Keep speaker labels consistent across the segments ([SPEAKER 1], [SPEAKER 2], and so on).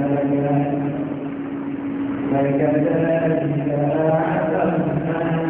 [SPEAKER 1] ذلك ذلك أعلمنا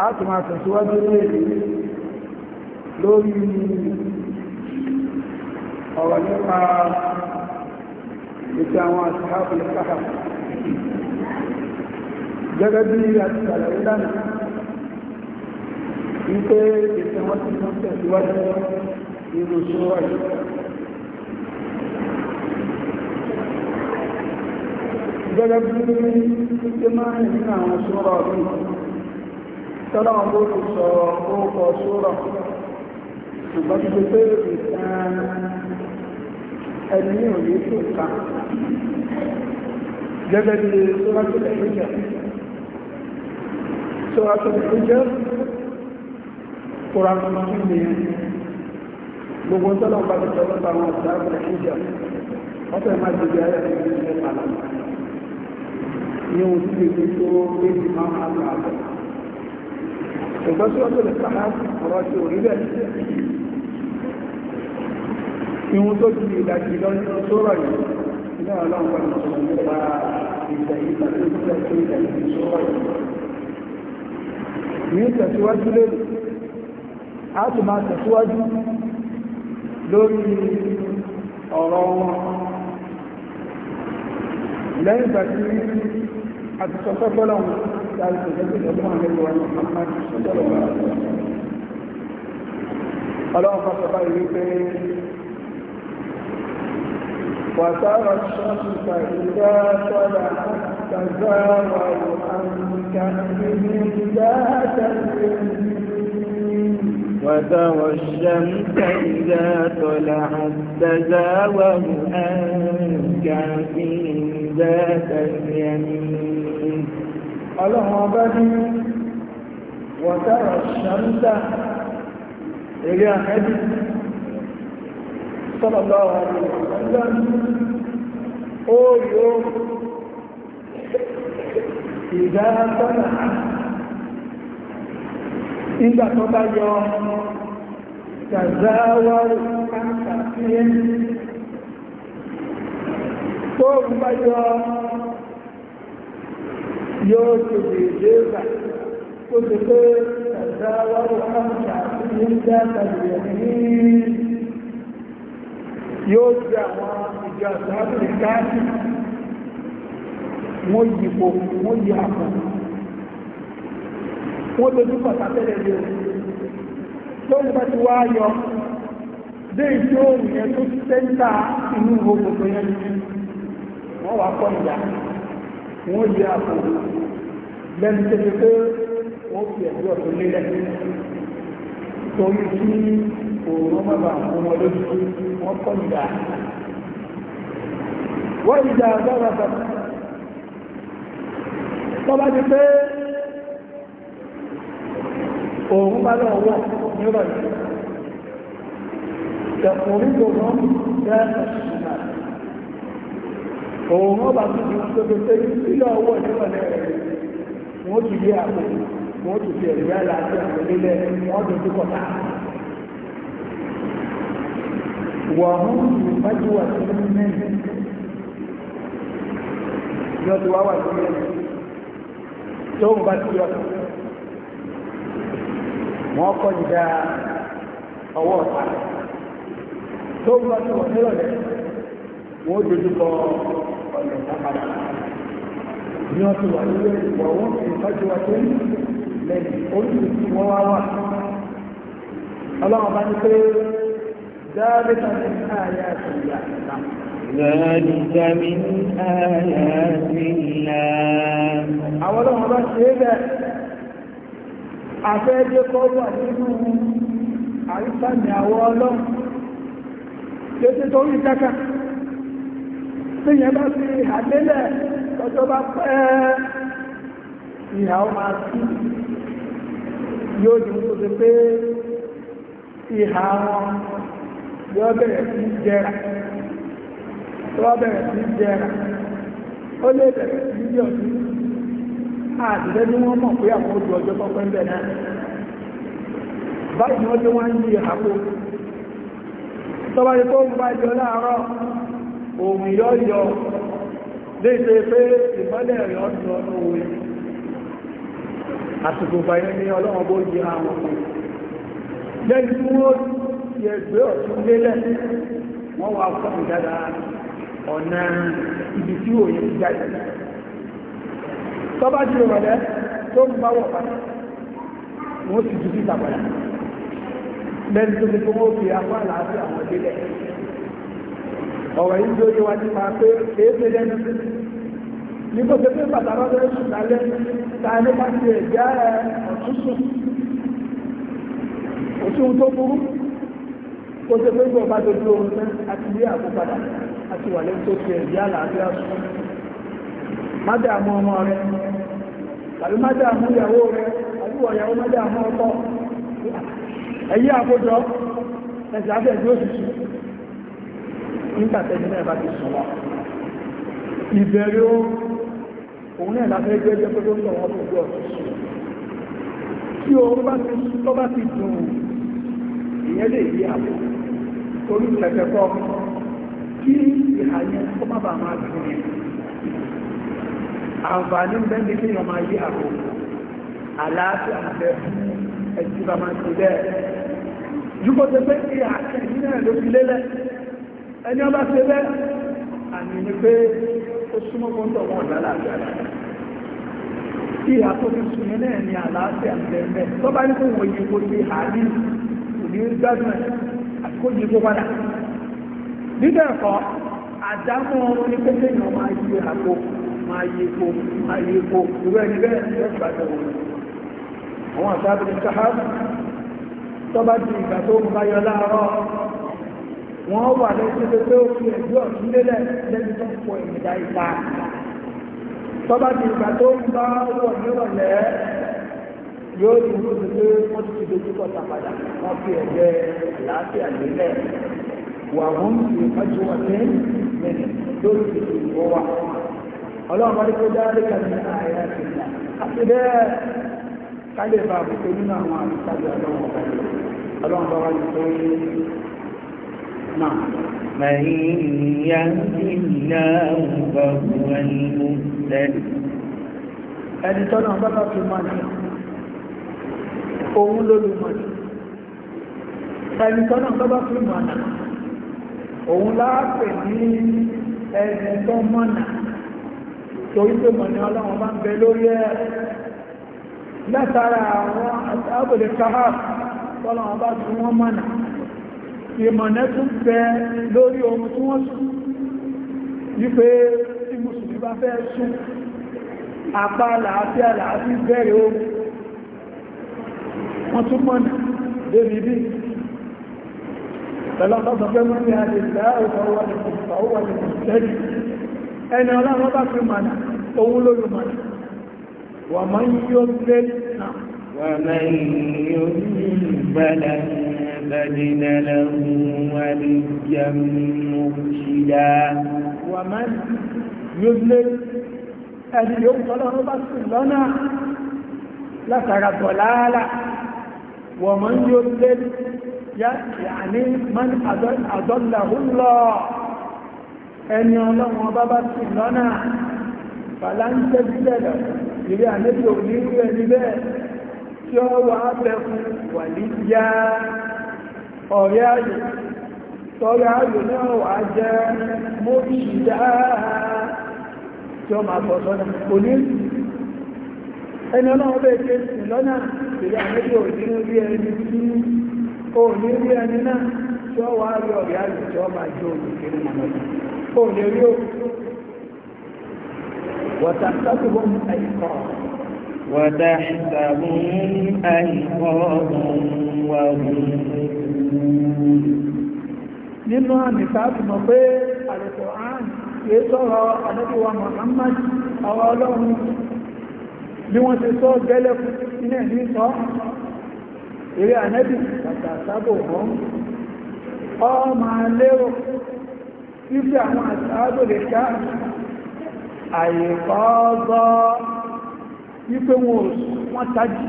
[SPEAKER 2] a tó máa tẹ̀síwájú lórí ọ̀rọ̀ nípa ètò àwọn àṣìkáàbù lẹ́kàkà gẹ́gẹ́ bí àti àlàyé lánàá wípé ètò wọn ti tán tẹ̀síwájú nínú ṣúwà gẹ́gẹ́ bí ó máa ń nínú àwọn ṣúwà ọdún tọ́lọ́wọ́n bó ti sọ orúkọ sórọ̀ ṣùgbọ́n ti ṣe pé ìtàn ẹni ò ní tó ká gẹ́gẹ́ bí sórátìlẹ̀ ìjẹ́ sórátìlẹ̀ ni gbogbo tọ́lọ́wọ́n bá ti sọ lọ́ta àwọn ọ̀sán ìjẹ́ wọ́n fẹ́ máa dìbò ayé àti ìjẹ́ ní ohun tí kò tó lé ní máa máa lọ ṣùgbọ́n tí wọ́n tẹ̀lé kàmá ọ̀rọ̀ ti orí bẹ̀. ìwọ̀n tó ti ìdajì lọ́nà sọ́rọ̀ yìí iná ọlọ́run bá ti sọ̀rọ̀ nípa ìgbà ìgbà tó ti jẹ́ pé ìgbà ìgbà yìí. lórí ọ̀rọ̀ wọn lẹ́yìn ìgbà tí a láti ṣèjẹ́ ìjọba àwọn ẹgbẹ́ wọn Muhammad ọlọ́run fọ́sọ̀ báyìí wípé وترى الشمس إذا طلعت تزاور عن كهفهم ذات
[SPEAKER 1] وترى الشمس إذا طلعت تزاور عن كهفهم ذات اليمين العبد وترى
[SPEAKER 2] الشمس إلى حديث صلى الله عليه وسلم أو يوم إذا طلع اذا تطلع يوم تزاور عن كثير فوق يوم yóò ti di ìdéba tó ti pé ẹ̀dá wáwọ́ káàkiri àti ìdá tàbí ẹ̀mí yóò ti àwọn ìjọ àtàkì káàkiri wọ́n yí po wọ́n yí àpò wọ́n lójú pàtàkẹ́lẹ̀ lè lórí bá ti wá yọ dé ìjọ òmìnir tó sẹ́ńtà inú gbogbo yẹn wọ́n wà kọ́ ìyá wọ́n yẹ àpò lẹ́nu tó pé wọ́n fi ẹ̀bí ọ̀tún lélẹ̀ torí kí òun ọmọ bá fún wọn lójú wọn kọ́ ìdá wọ́n ìdá agbára bàbá tó bá ti pé òun bá lọ wọ̀ nírọ̀ yìí ẹ̀kùnrin tó rán bẹ́ẹ̀ òun wọ́n bá tún ti tóbi tóbi sílẹ̀ owó ìdíwọ̀lẹ̀ rẹ̀ wọ́n tún yé àpò wọ́n fi ẹ̀rí àti àwọn ilé wọ́n kọ̀tà. wọ́n mú wà sí mẹ́rin wá wà sí tó ń bá ti wọ́n kọ́ ọwọ́ ọ̀tá tó ń bá ti wọ̀ wọ́n ní wọ́n ti wà nílé ìwọ̀wọ́ ìtọ́jú wa tó ní lẹ́yìn oríṣiríṣi wọ́n wá wà ọlọ́run bá ní pé ذلك من آيات الله
[SPEAKER 1] ذلك من آيات
[SPEAKER 2] الله أولا ما شهد أفاد قوة منه عيسى نعوالا لتتوني تكا tí bá fi àlélẹ̀ tọ́jọ́ bá pẹ́ ìhàwó máa sí yóò di mú sí pé ìhà wọn yóò bẹ̀rẹ̀ sí jẹrà tó bẹ̀rẹ̀ sí jẹrà ó lè bẹ̀rẹ̀ sí yọ̀ sí àdìdẹ́ ní wọ́n mọ̀ pé àwọn ojú ọjọ́ pọ́pẹ́ bẹ̀ náà báyìí wọ́n tí wọ́n ń yí ìhàkó tọ́bá yìí tó ń bá jọ láàárọ̀ òun yọ́yọ́ léṣe pé ìmọ́lẹ̀ rẹ̀ ọdún ọdún òwe àsìkò báyẹ̀ ní ọlọ́wọ́ bó yí àwọn ọmọ lẹ́yìn tí wọ́n ti ẹgbẹ́ ọ̀tún lélẹ̀ wọ́n wá fún ìdára ọ̀nà ibi tí ò yẹ jáde tọ́bá ti rọ̀lẹ́ tó ń báwọ̀ padà wọ́n ti jù sí ìtàpàdà lẹ́yìn tó ti kó wọ́n fi apá àlàáfíà wọn lélẹ̀ Ọ yìí bí ó yẹ wá ti máa pé èé ṣe lẹ́nu ní kó ṣe pé pàtàkì ọ̀dọ́ oṣù lálẹ́ ta ní bá ti ẹ̀já ọ̀túnṣù òṣùn tó burú kó ṣe pé gbọ̀n bá dojú ti ẹ̀já làásìá sùn má dààmú ọmọ
[SPEAKER 3] rẹ rẹ
[SPEAKER 2] nígbà tẹ́jú náà bá ti sùn lọ ìbẹ̀rẹ̀ ó òun náà láfẹ́ gbẹ́jẹ́ pé tó sọ wọn tó gbọ́ sùn tí òun bá ti tó bá ti dùn ìyẹn lè yí àbò torí kẹ̀kẹ́ kọ́ kí ìhà yẹn kó má bàa máa dùn yẹn àǹfààní ń bẹ́ẹ̀ ní kí èèyàn máa yí àbò àlàáfíà ń bẹ fún ẹtì bá máa bẹ́ẹ̀ yúkọ́ tẹ́ pé ìhà kẹ̀kẹ́ náà ló fi lélẹ̀ ẹni ọba ṣe bẹ́ àmì ni pé ó súnmọ́ kọ́ńtọ̀ wọn lálàáfíà tí àtọ́jú súnmọ́ náà ni àlàáfíà bẹ̀rẹ̀ tọ́ba ní kò wọ ìyípo ti àárín kò ní gbádùn àkójì kó padà nígbà ẹ̀kọ́ àdámọ́ ní pété ni wọ́n máa yí àpò máa yí epo máa yí epo ìwé ẹni bẹ́ẹ̀ ni wọ́n gbàdọ̀ wọn àwọn àtàbí ní káhá tọ́ba di ìgbà tó ń bá yọ láàárọ̀ wọ́n wà lẹ́sí pé ó fi ẹ̀jọ́ ìdílé lẹ́nu tó ń pọ̀ ìgbà ìta tọ́ba ti ìgbà tó ń bá wọ̀ nírọ̀lẹ́ yóò ti rú sí pé wọ́n ti dojú kọ tàpadà wọ́n fi ẹ̀jẹ̀ àlàáfíà lélẹ̀ wà wọ́n ti ọjọ́ wà ní mẹ́rin lórí ìdílé ìwọ́ wa ọlọ́run bá dúpẹ́ dáadé kan ní àyà ìgbà àti bẹ́ẹ̀ ká lè bá àbùkù nínú àwọn àbùkù ọlọ́run bá
[SPEAKER 1] من يهدي الله فهو المهتد
[SPEAKER 2] ẹni tọ́nà bábá fi máa ní òun lólùmọ̀lì ẹni tọ́nà bábá fi máa nà òun láàpẹ̀ ní ẹni tó mọ́nà torí pé mọ̀ ní ọlọ́run bá ń bẹ lórí ẹ̀ látara àwọn àbòlẹ̀ káhà tọ́nà bá fi wọ́n mọ́nà ìmọ̀nẹ́ tún bẹ lórí ohun tí wọ́n sùn wípé tí mùsùlùmí bá fẹ́ sùn apá làáfíà làáfí bẹ̀rẹ̀ ohun wọ́n tún mọ̀nà débi bí pẹ̀lọ́pọ̀sọ̀fẹ́ mọ́ ní àdìsá ẹni ọlọ́run bá fi mọ̀nà ohun lórí mọ̀nà wà mọ́ yíó lé náà
[SPEAKER 1] ومن يؤمن بلن بدن له وليا
[SPEAKER 2] مرشدا ومن يذلل أن يبطله بس لنا لترى الضلالة ومن يذلل يعني من أضل أضله الله أن يعلم بس لنا فلن تجد له يعني تغني يعني tí ó wà bẹ̀kún wà ní yá ọ̀rẹ́ àyò tọ́rẹ́ àyò náà wà jẹ́ mọ́bí ìdáa tí ó máa tọ̀tọ́ ní òní ẹni ọlọ́run bẹ́ẹ̀ ṣe sìn lọ́nà ìrẹ́ àmẹ́bí òní rí ẹni tí ó ní rí ẹni náà tí ó wà rí ọ̀rẹ́ àyò tí ó máa jẹ́ òní rí òkú wọ̀tàkùnrin
[SPEAKER 1] وتحسبهم أيقاظا
[SPEAKER 2] وهم nínú àmì sáàtù mọ̀ pé Al-Qur'an yìí sọ̀rọ̀ àdọ́bíwa Muhammad àwọn ọlọ́run bí wọ́n ti sọ gẹ́lẹ̀ fún ilẹ̀ ní sọ eré ànẹ́bì pàtàkàbò wọn ọ máa lérò wípé wọn wọ́n tají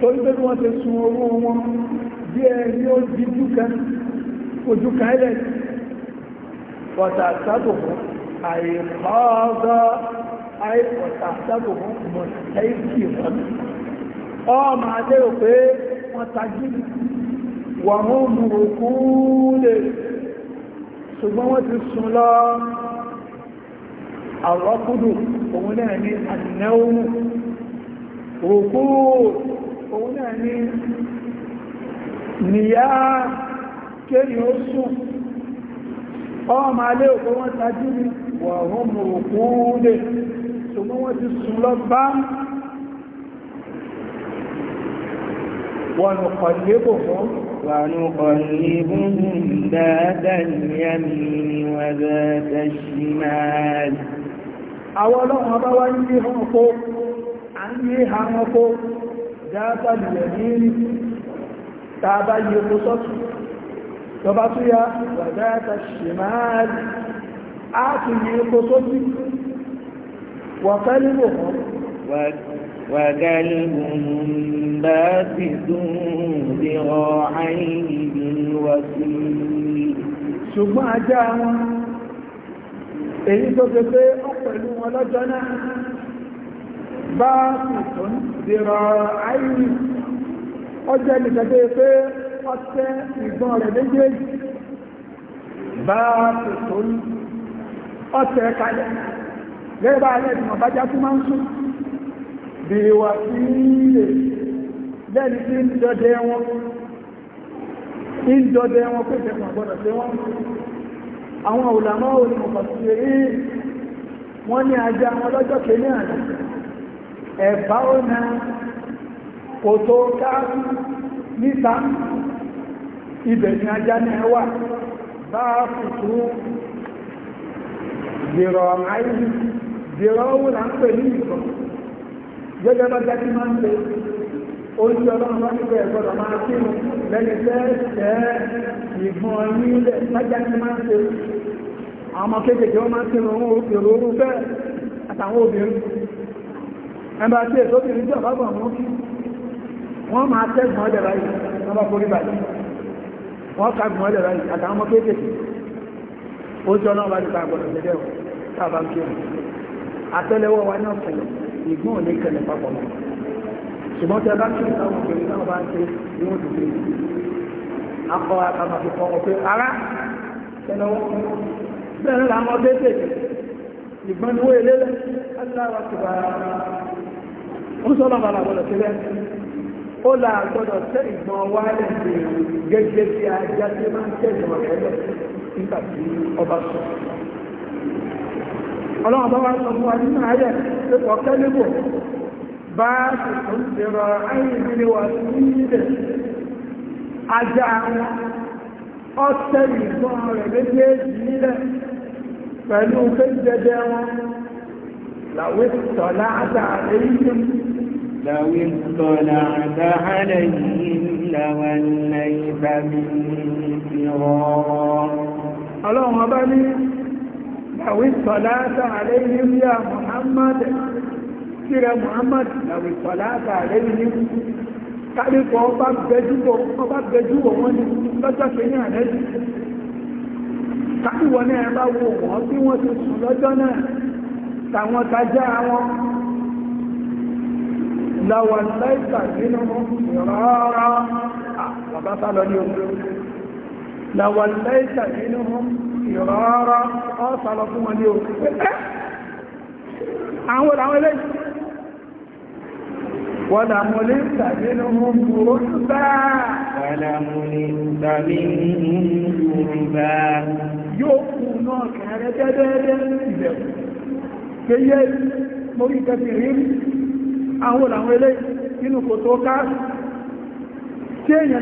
[SPEAKER 2] torí pé wọ́n ti sun owó wọn bí ẹni ó di ojú kan ẹlẹ́ ọ̀tà àtàbò fún àìkọ́ọ̀gọ́ ọ̀tà àtàbò fún mọ̀tẹ́ìkì wọn ọmọ adérò pé wọ́n tají wọ̀n mú mú òkú lè ṣùgbọ́n wọ́n ti sun lọ́ọ́ àrọ́kúdù òun náà ní àdínẹ́wòmù òkú òun náà ní níyá kéyìn ó sùn ọmọ alẹ́ òkú wọ́n tajú ní wọ̀hún òkú lè ṣùgbọ́n wọ́n ti sùn lọ bá wọ́n kọ̀lébò fún ونقلبهم ذات
[SPEAKER 1] اليمين وذات الشمال
[SPEAKER 2] àwọn ọlọ́run ọba wá ní ẹ̀hàn ọkọ́ a ń yé ẹ̀hàn ọkọ́ dáadáa lẹ̀ ní rí tàbá yí epo sọ́tù tọba tó yá wàdáyàtà ṣèmáàlì á tún yí epo sọ́tù
[SPEAKER 1] wà kálíbò kan وكلبهم باسط ذراعيه بالوسيل
[SPEAKER 2] ṣùgbọ́n ajá wọn èyí tó fi pé ó pẹ̀lú wọn lọ́jọ́ náà bá sùn dìrọ̀ àìrí ọjọ́ ìgbẹ̀gbẹ̀ pé ọtẹ́ ìgbọ́n rẹ̀ méjèèjì bá sùn ọtẹ́ kalẹ̀ gẹ́gẹ́ bá alẹ́ ìmọ̀ bá já fún máa ń sùn bí wà sí ilé lẹ́ni tí ń dọdẹ wọn pẹ̀sẹ̀ mọ̀ gbọ́dọ̀ àwọn òlàmọ́ òní mọ̀kànlẹ̀ wọ́n ní ajá wọn lọ́jọ́ kìíní àná ẹ̀bá ó na kòtò káàkiri níta ibẹ̀ ni ajá náà wà bá fùtú dìrọ̀ àìrí dìrọ̀ òun ń pè ní ìkọ̀ gẹ́gẹ́ bá jákí máa ń pè ojú ọlọ́run bá níbẹ̀ gbọ́dọ̀ máa kírun lẹ́ni tẹ́ tẹ́ ìbọn nílẹ̀ lájá ní máa ń ṣe àwọn ọmọ kéékèèké wọ́n máa ń kírun owó èrò orú bẹ́ẹ̀ àtàwọn obìnrin ẹnbà tí èso obìnrin jẹ́ ọ̀bá bọ̀ mú wọ́n máa tẹ́gbọ̀n ọ̀dẹ̀ báyìí wọ́n bá forí báyìí wọ́n ká gbọ̀n ọ̀dẹ̀ báyìí àtàwọn ọmọ kéékèèké ojú ọlọ́run bá nípa gbọ́dọ̀ jẹ́jẹ́ ọ̀ tá a bá ń kírun àtẹ́lẹwọ́ wa náà kẹlẹ̀ ìgbọ́n ò ní kẹlẹ̀ papọ̀ mọ́ ṣùgbọ́n tí a bá ń kiri táwọn obìnrin náà bá ń ṣe ni wọ́n ti gbé akọ àtàmàtì kan ọ̀pẹ ara ẹnu bẹ́ẹ̀ ni àwọn ọdẹ tètè ìgbọ́n ni wọ́n èlé lẹ́ aláwa ti bá ń sọ lọ́ba làwọn ọ̀dọ̀ sílẹ̀ ó là gbọ́dọ̀ tẹ́ ìgbọ́n wá lẹ̀ sí gẹ́gẹ́ bí ajá tí máa ń tẹ̀ ìgbọ́n rẹ̀ lẹ̀ nígbà tí ọba sọ ọlọ́run bá wá sọ fún wa nínú ayẹ̀ pé kọ́ kẹ́lẹ́gbò báàkì tó ń tẹ̀rọ ayébílẹ̀ wà nílẹ̀ ajá wọn ọ̀tẹ̀ ìgbọ́n rẹ̀ méjèèjì nílẹ̀ pẹ̀lú péjẹjẹ wọn
[SPEAKER 1] làwé tọ̀lá àtà àléyìn làwé tọ̀lá àtà àléyìn làwọn ìlà ìbàmìnirọ̀
[SPEAKER 2] ọlọ́run ọba ní làwé tọ̀lá àtà àléyìn yà Muhammad kíra Muhammad làwọn ìfọ̀láàtà rẹ̀ ní kálífọ̀ ọba gbẹjúwọ̀ wọn ni lọ́jọ́ pé ní àrẹ́jù káwíwọ̀ náà bá wo wọ́n bí wọ́n ti sùn lọ́jọ́ náà tàwọn tajá wọn láwọn láìsà nínú rárá bàbá tá lọ ní ogun láwọn láìsà nínú rárá ọ́ sálọ fún wọn ní ogun àwọn làwọn eléyìí wọ́dàmúlé tàbínú
[SPEAKER 1] múrò bá wọ́dàmúlé tàbínú múrò bá
[SPEAKER 2] yóò kú náà kààrẹ dẹ́dẹ́dẹ́ ìbẹ̀ kéyẹ mórí kẹfì rí àwọn làwọn eléyìí kò tó ká tí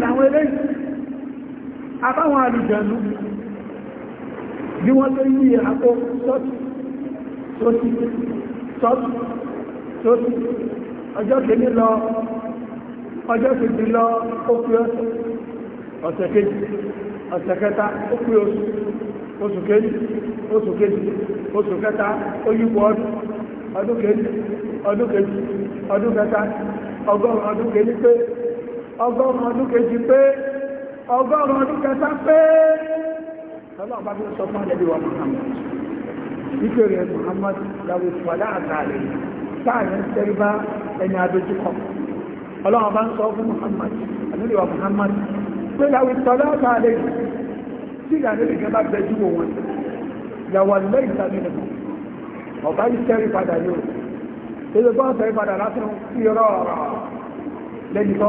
[SPEAKER 2] àbáwọn tó ti tọ́tù tó ti ọjọ́ kejì lọ ọjọ́ kejì lọ ó pé ọ̀sẹ̀ ọ̀sẹ̀ kejì ọ̀sẹ̀ kẹta ó pé oṣù oṣù kejì oṣù kejì oṣù kẹta ó yípo ọdún ọdún kejì ọdún kejì ọdún kẹta ọgọ́rùn ọdún kejì pé ọgọ́rùn ọdún kẹta pé ọlọ́pàá bí ó sọ fún ẹ̀lẹ́bí wa wípé rẹ̀ Muhammad lawo sọ̀lá àtàrí sáàrin tẹ́rìbá ẹni adójúkọ ọlọ́run bá ń sọ fún Muhammad ànílẹ̀wà Muhammad pé lawo sọ̀lá àtàrí tí ìlànà ìgbẹ́ bá bẹ júwò wọn yàwó lẹ́yìn ìtàmìnà ọ̀bá yìí tẹ́rì padà yóò ilé gbọ́n tẹ́rì padà látún sí ọ̀rọ̀ lẹ́yìn tó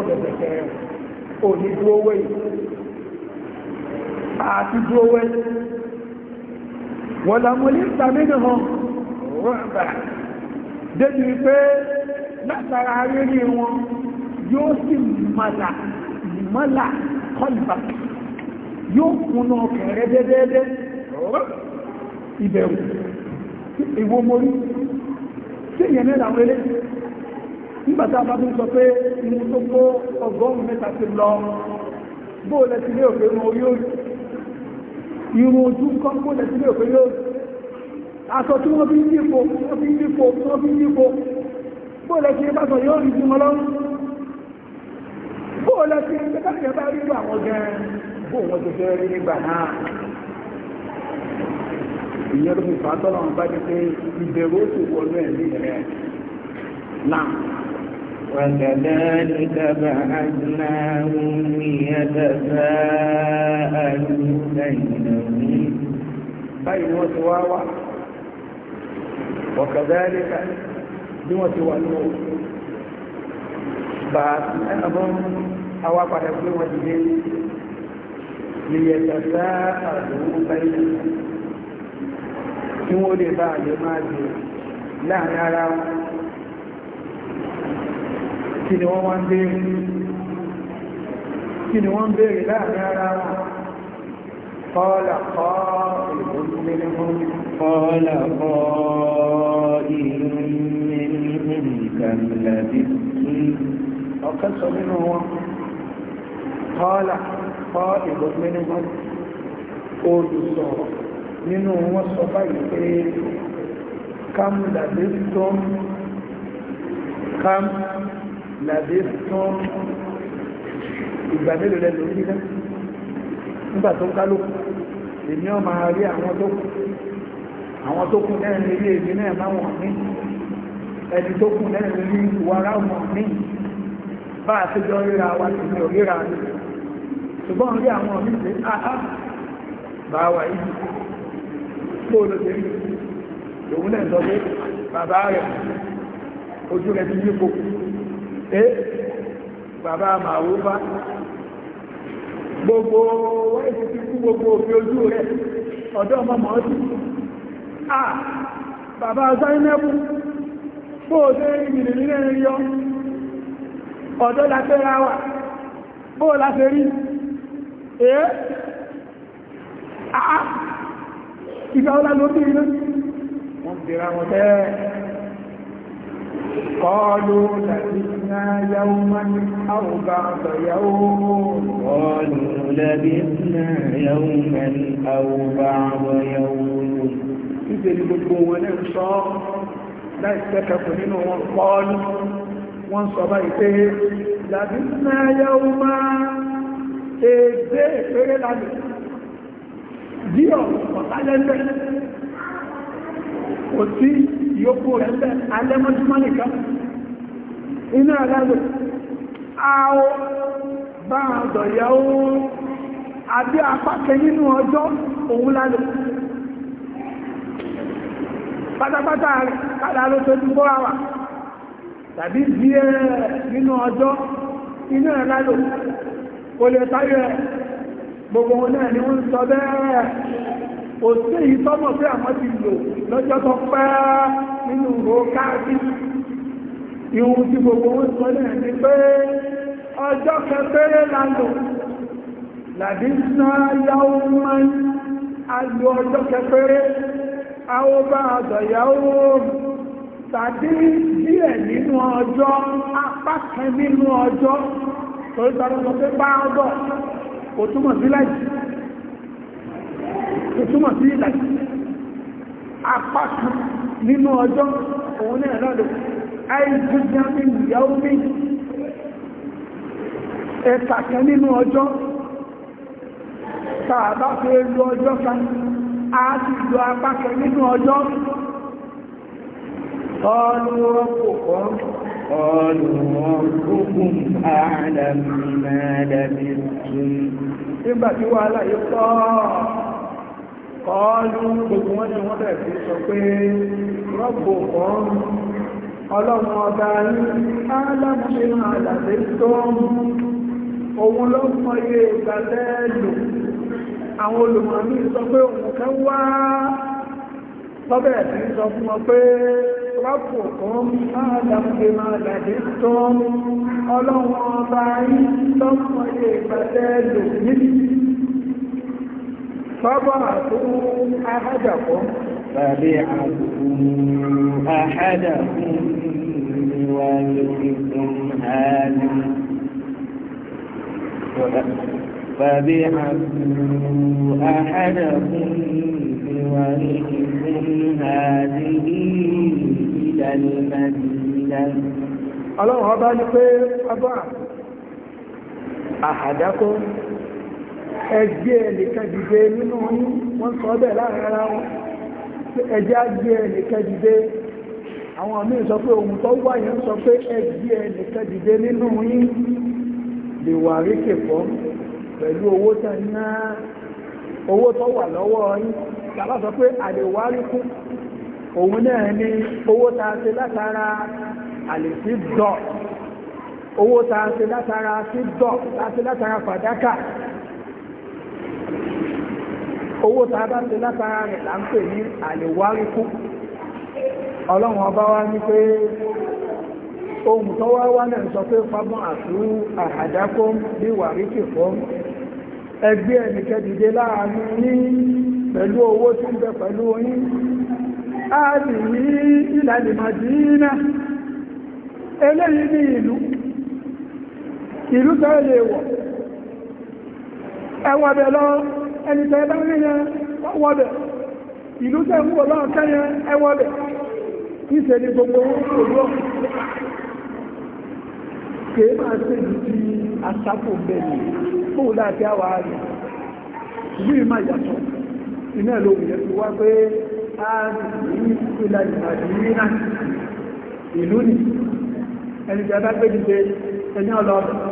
[SPEAKER 2] wọ̀làmọ́lé ìtàmínìhàn rọ́bà débi pé látara rírí wọn yóò sì mọ́là mọ́là kọlùbà yóò kúnnà kẹrẹ dédédé ìbẹ̀rù ìwò morí tí èyàn mẹ́ra wẹ́lé nígbàtà bá tún sọ pé inú tó kó ọgọ́rùn-ún mẹ́ta ti lọ bóòlẹ̀ sílé òfin orí orí irun ojú kọ́kọ́ lẹ̀ sílé òfin yóò aṣọ tí wọ́n fi ń dípo wọ́n fi ń dípo wọ́n fi ń dípo bóòlẹ̀ tí bá sọ yóò rí sí wọn lọ́rùn bóòlẹ̀ tí bẹ́kàtẹ̀ bá rí àwọn gan bó wọn tó fẹ́ rí nígbà náà ìyẹn ló fi fàá tọ́lọ́run bá jẹ́ pé ìbẹ̀rù ó sì wọnú
[SPEAKER 1] ẹ̀mí rẹ̀ náà وكذلك بعثناهم ليتساءلوا بينهم
[SPEAKER 2] بين سواوا وكذلك دون سوى النور بعثناهم أو قد وجههم ليتساءلوا بينهم kí wọ́n lè bá àlè máa jẹ láàrin ara wọn kí ni wọ́n wọ́n béèrè kí ni wọ́n béèrè láàrin ara wọn قال قائل منهم قال قائل
[SPEAKER 1] منهم كم لبثتم وقص منهم
[SPEAKER 2] قال قائل منهم nínú wọn sọ báyìí pé kam làbí لبثتم ìgbà mélòó lẹ́lò orí náà nígbà tó ń kálùkù èmi ọmọ rí àwọn tó kù àwọn tó kù náà rí ilé èmi náà máa wọ̀n ní ẹni tó kù náà rí ìwárá wọ̀n ní bá àtijọ́ ríra wa ti ní òríra rẹ̀ ṣùgbọ́n rí àwọn mi pé áá bá wà yìí kó ló ṣe rí òun náà sọ pé bàbá rẹ̀ ojú rẹ̀ ti yípo kù eh bàbá màwó bá gbogbo wáyé ti kú gbogbo òfin ojú rẹ̀ ọ̀dọ́ ọmọ mọ́ọ̀dí ah bàbá zainabu bóòdé ìrìnlẹ̀ rí ọ ọ̀dọ́ láfẹ́ ra wà bóò láfẹ́ rí ẹ́ àá ìgbà ọlá ló bí iná wọ́n bèèrè àwọn bẹ́ẹ̀ قالوا لبثنا يوما أو بعض يوم
[SPEAKER 1] قالوا لبثنا يوما أو
[SPEAKER 2] بعض يوم إذا البدو والإنصار لا يستكف منهم قالوا وانصبيته لبثنا يوما إذا فرد عنه ديو وقال لك وتي yóò rẹ̀ bẹ́ alẹ́mọ́júmọ́ nìkan iná alẹ́lẹ́ àwọ bá àdọ̀yà oó àbí apákẹ nínú ọjọ́ òun lálẹ́ pátápátá rẹ̀ ló tó ti bọ́ra tàbí díẹ̀ nínú ọjọ́ iná alẹ́lẹ́ kò ni kò sí èyí tọ́mọ̀ sí àmọ́ ti lò lọ́jọ́ tó pẹ́ nínú ìró káàdì ìhun tí gbogbo wọn sọ náà ni pé ọjọ́ kẹfẹ́rẹ́ la lò làbí sá yáwó máa ń alo ọjọ́ kẹfẹ́rẹ́ àwọn bá tàbí díẹ̀ nínú ọjọ́ apá kan nínú ọjọ́ torí tọ́lọ́sọ pé bá ọdọ̀ kò túmọ̀ sí láìsí ìtumọ̀ sí ìlà apá kan nínú ọjọ́ òun náà lọ́dọ̀ àìjújámi ìyàwó mi nínú ọjọ́ tààbá fi lu ọjọ́ kan a ti lo apá kan nínú ọjọ́
[SPEAKER 1] قالوا ربكم قالوا
[SPEAKER 2] kọ́ọ̀lú gbogbo wọn ni wọ́n bẹ̀rẹ̀ sí sọ pé rọ́gbò kan ọlọ́run ọba ní alábùṣe máa dàbí tó ń òun ló mọ iye ìgbà lẹ́ẹ̀lò àwọn olùmọ̀mí sọ pé òun kẹ́ wá lọ́bẹ̀rẹ̀ sí sọ fún wọn pé rọ́gbò kan alábùṣe máa dàbí tó ọlọ́run ọba ní lọ́mọ iye ìgbà lẹ́ẹ̀lò níbi فبعثوا أحدكم
[SPEAKER 1] فبعثوا أحدكم بورقكم هذا فبعثوا أحدكم بورقكم هذه إلى
[SPEAKER 2] المدينة الله أبا لكي أبا أحدكم ẹgbẹ́ ẹnìkan dìde nínú yín wọ́n sọ bẹ́ẹ̀ láàrin ara wọn ẹjẹ́ ẹgbẹ́ ẹnìkan dìde àwọn míì sọ pé ohun tó wà yẹn sọ pé ẹgbẹ́ ẹnìkan dìde nínú yín lè wà rí kẹfọ́ pẹ̀lú owó tó ná owó tó wà lọ́wọ́ yín tàbá sọ pé àdèwárí kú òun náà ni owó tá ṣe látara àlèsí dọ̀ owó tá ṣe látara sí dọ̀ tá látara fàdákà owó tá a bá ṣe látara rẹ̀ là ń pè ní ọlọ́run ọba wá ní pé ohun tó wá wá náà sọ pé fábọ́n àtú àhàdákó bí wàríkì fún ẹgbẹ́ ẹnìkẹ́dìde láàrin ní pẹ̀lú owó tí ń bẹ pẹ̀lú oyin a lè ní màdínà eléyìí ní ìlú ẹwọ́ bẹ̀ lọ ẹni tẹ́ bá rí yẹn ọwọ́ bẹ̀ ìlú tẹ́ mú ọlọ́ kẹ́yẹn ẹwọ́ bẹ̀ ìṣẹ́ ní gbogbo òwúrọ̀ kèé máa ṣe jù ti asápò bẹ̀rẹ̀ fóun láti àwà rẹ̀ ìlú ìmá ìyàtọ̀ iná ìlú òwúrẹ̀ ti wá pé a ní ìlà ìlú ní ẹni tẹ́ bá gbé dìde ẹni ọlọ́ọ̀bẹ̀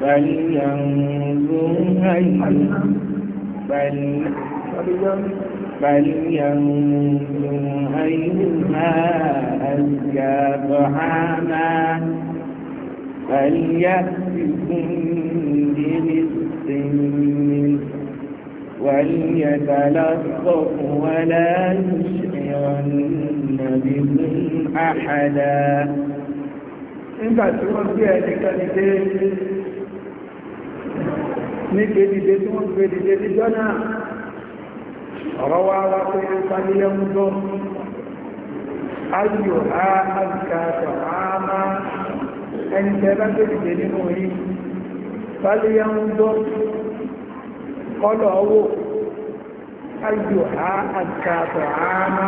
[SPEAKER 1] فلينظر هيئ بل فلينظر أيها أزكى طعاما فليأتكم برزق منه وليتلطف ولا يشعرن بكم أحدا. إن بعد ما فيها ذكر
[SPEAKER 2] ní gbèdìdè tí wọ́n gbèdìdè ní jọ́nà ọ̀rọ̀ wá wá pé ìpàdéyẹmú dán ayò ha azìkàtọ̀ àmà ẹni tẹ́lá gbèdìdè nínú rí ìpàdéyẹmú dán kọ́lọ̀ owó ayò ha azìkàtọ̀ àmà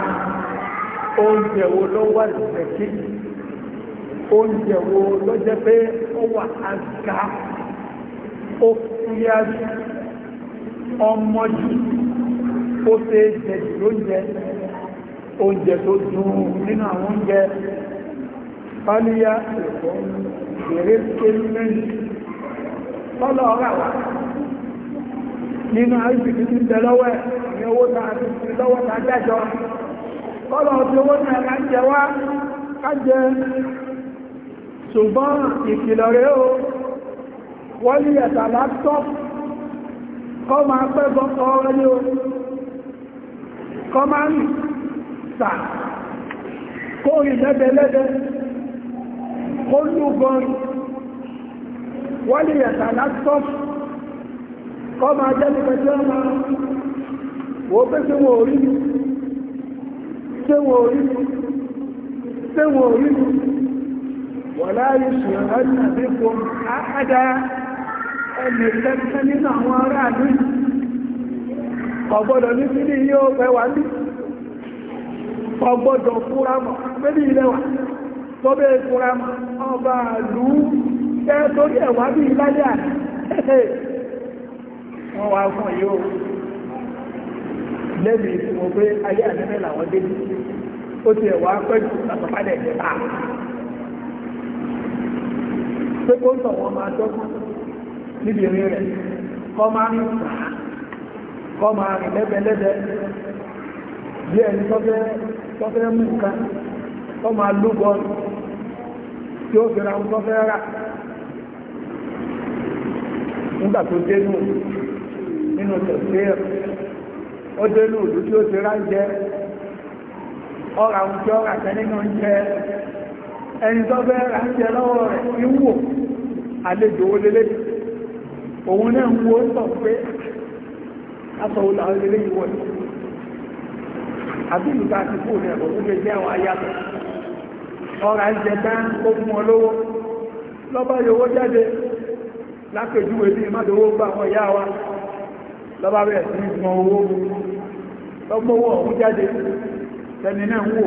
[SPEAKER 2] oúnjẹ wo ló wà lẹ́kí oúnjẹ wo ló jẹ́ pé ó wà azìkàtọ̀ ó fúyá ọmọ ó ṣe jẹ jù oúnjẹ tó dùn nínú àwọn oúnjẹ fálíyá èrè kéńmẹ́rin tọ́lọ̀ ọ̀rà wà nínú àìsìkí ti tẹ lọ́wọ́ ẹ̀ ní owó tàà lọ́wọ́ tàà tọ́lọ̀ owó wọ́n lè yẹ̀tà laptop kọ́ máa pẹ́ bọ́ ọ̀rọ̀ ní o kọ́ máa ń tà kó rí lẹ́bẹ̀lẹ́bẹ̀ kó lú gan-an wọ́n lè yẹ̀tà laptop kọ́ máa jẹ́ nípa tí wọ́n wọ́n pé tí wọ́n orí mi tí wọ́n orí mi tí wọ́n orí mi wọ́n láyé ṣùgbọ́n ní àdínkù àádá ẹnì kẹ́kẹ́ nínú àwọn aráàlú ọ̀gbọ́dọ̀ ní sí ní iye ó fẹ́ wà ní ọgbọ́dọ̀ fúramọ̀ pẹ́lú ilẹ̀ wà tó bẹ́ẹ̀ fúramọ̀ ọba àlú tẹ́ torí ẹ̀wà bí ìlàlẹ́ àti wọ́n wá fún yóò lẹ́bí ìfúnmọ̀ pé ayé àdẹ́mẹ́ làwọn dé ó ti ẹ̀wà pẹ́jù àpapàdẹ̀ ìjẹta pé kó sọ máa dọ́gbọ́n níbi ìrìn rẹ̀ kọ́ máa ń sàá máa rìn lẹ́bẹ̀lẹ́bẹ̀ bí ẹni tọ́fẹ́ mú nǹkan máa tí ó fẹ́ra ń tọ́fẹ́ rà nígbà tó dénú nínú tẹ̀síẹ̀ ó dénú òdú tí ó ti rá ń ọ̀rà òjò ọ̀rà tẹ́ ẹni tọ́fẹ́ rà òun náà wo sọ pé aṣọ́wò láwọn ilé ìwọ̀ ní àbílù bá ti kú ní ẹ̀kọ́ tó lè jẹ́ àwọn ayàtọ̀ ọ̀rà ń jẹ tán ó fún ọ lówó lọ́bá yòówó jáde lápèjúwe bí mádòwó gbà wọn yá wa lọ́bá rẹ̀ sí ìgbọ̀n owó lọ́gbọ́n owó ọ̀hún jáde tẹni náà ń wò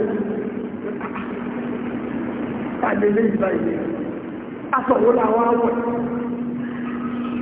[SPEAKER 2] pàdé lè ìgbà ìlẹ̀ aṣọ́wò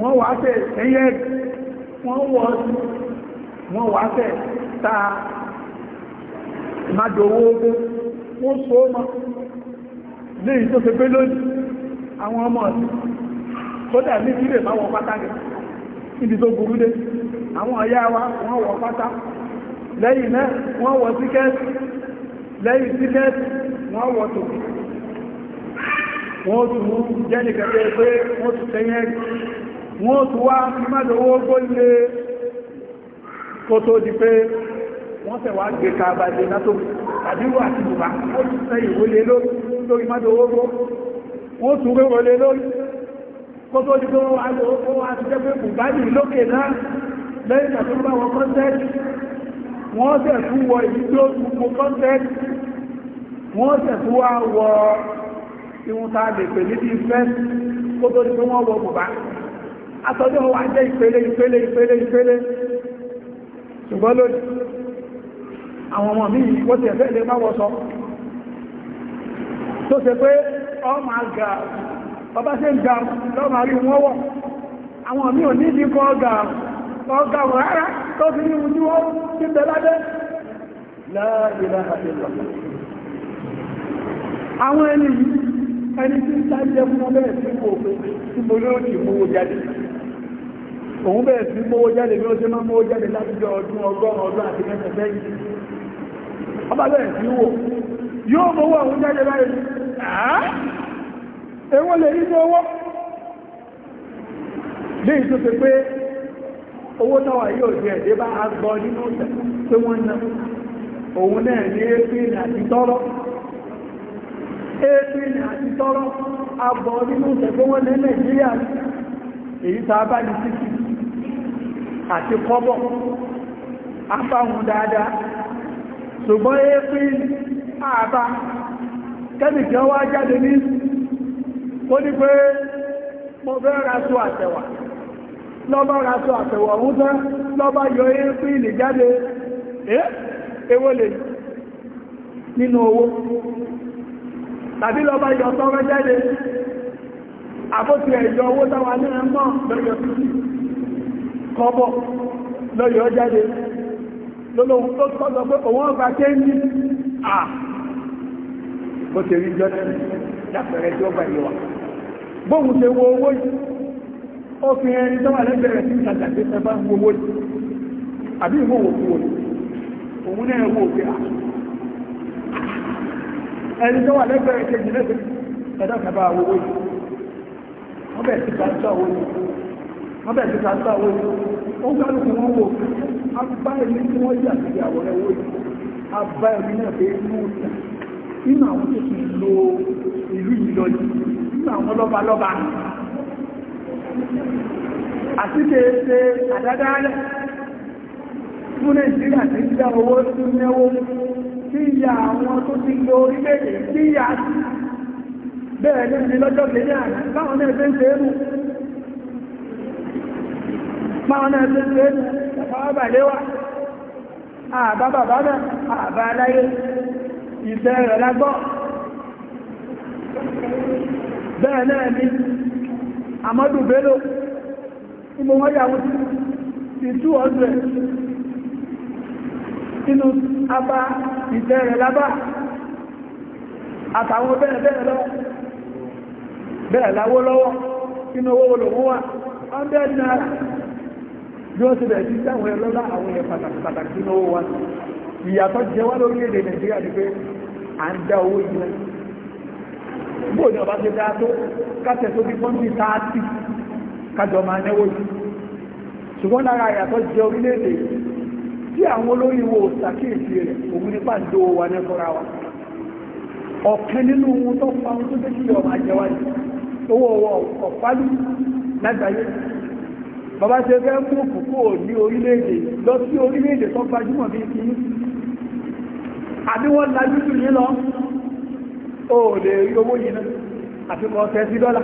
[SPEAKER 2] wọ́n wà fẹ́ ẹyẹ wọ́n wọ́ wọ́n wà fẹ́ ta ìmájòwó ogó wọ́n so mọ́ ní ìtò pépé lónìí àwọn ọmọ ọ̀sìn kódà ní ilé máa wọ pátá gẹ̀ níbi tó burú dé àwọn ọ̀yá wa wọ́n wọ pátá lẹ́yìn náà wọ́n wọ síkẹ́ẹ̀tì lẹ́yìn síkẹ́ẹ̀tì wọ́n wọ tò. wọ́n tún jẹ́ nìkan pé wọ́n tún tẹ́yẹ́ wọ́n tó wá mẹ́lòwó gbóyìnlé kó tó di pé wọ́n tẹ̀ gbé kàbà dé nátó tàbíwò àti bùbá ó tún tẹ́ ìwọlé lórí mẹ́lòwó gbó wọ́n tún rí wọlé lórí kó tó di pé wọ́n wá ti jẹ́ pé bùbá lókè náà lẹ́yìn tàbí wọ́n wọ́n tẹ̀ àtọ́jọ́ wa jẹ́ ìpele ìpele ìpele ìpele ṣùgbọ́n lónìí àwọn ọmọ mi wọ́n ti ẹ̀fẹ́ lè máwọ́ sọ tó ṣe pé ọmọ àgà ọba ṣe ń ga lọ́mà rí wọ́n wọ́ àwọn mi ò ní ní kọ́ ọgà ọgà rárá tó fi ní ojú wọ́n ti bẹ̀ lábẹ́ àwọn ẹni yìí ẹni tí ń sáájẹ́ fún ọbẹ̀ tí mo lóòdì mú jáde òun bẹ̀rẹ̀ sí mówó jáde bí ó ṣe máa mówó jáde látijọ́ ọdún ọgọ́rùn ọdún àti mẹ́ta sẹ́yìn ọba bẹ̀rẹ̀ sí wò yóò mówó àwọn jáde báyìí ẹ̀wọ́n lè rí owó lè tó ṣe pé owó náà yóò jẹ́ ẹ̀dẹ́ bá agbọ́ nínú pé wọ́n na òun náà ní éfìn àti tọ́rọ éfìn àti tọ́rọ agbọ́ nínú tẹ̀gbọ́n wọn Nàìjíríà èyí tàbá ní àti kọ́bọ̀ afáhùn dáadáa ṣùgbọ́n éfín àbá kẹ́mìkẹ́ wá jáde ní ó ní pé mo fẹ́ raṣọ àtẹ̀wà lọ́bá raṣọ àtẹ̀wà ń tán lọ́bá yọ éfín jáde ewó lè nínú owó tàbí lọ́bá yọ tọ́rọ jáde àbótí ẹ̀yọ owó táwà ní ẹ̀mọ́ lọ́yọ̀ títí kọ́bọ̀ lọ́yọ̀ jáde lọ́lọ́wọ́ tó tọ́lọ pé òun ọgbà tẹ́ ní à bó ṣe rí jọ́nà lápẹ̀rẹ̀ ẹni tó wà lẹ́bẹ̀rẹ̀ tí ẹ bá owó yìí àbí ìwò òkú wò òun owó yìí wọ́n bẹ̀rẹ̀ síta sí àwọn wọ́n gbá lókun wọn wò á bá tí wọ́n yà sí àwọn yìí nínú àwọn tó ti lo ìlú yìí lọ yìí nínú àwọn àti fún nàìjíríà owó tó náwó àwọn tó ti lo orílẹ̀-èdè bẹ́ẹ̀ lọ́jọ́ kejì máwọn náà tó ṣe bẹ́ẹ̀ náà ni àmọ́dù bélò ìmọ̀ wọ́n yà ti tú ọ̀dọ̀ inú apá ìfẹ́ rẹ̀ lábá àtàwọn bẹ́ẹ̀ bẹ́ẹ̀ lọ bẹ́ẹ̀ láwó lọ́wọ́ inú owó 100 naira bí ó ti bẹ̀rẹ̀ sí sáwọn ẹlọ́lá àwọn èèyàn pàtàkì pàtàkì nínú owó wa ìyàtọ̀ jẹ wá lórílẹ̀-èdè nàìjíríà ni pé ń dá owó ìlú bó ni ọba ṣe dáa tó kásẹ̀ tó bí pọ́ńtì táàtì kájọ máa náwó yìí ṣùgbọ́n lára ìyàtọ̀ orílẹ̀-èdè tí àwọn olóyìn wo rẹ̀ òun nípa ń dó wa wa nínú ohun tó ohun tó dé kí ọmọ àjẹwájú bàbá ṣe fẹ́ mú púpọ̀ ní orílẹ̀-èdè lọ sí orílẹ̀-èdè tó gbajúmọ̀ bí i àbí wọ́n lajú jù yí lọ o lè rí owó yìí náà àfikọ́ tẹ́ sí dọ́là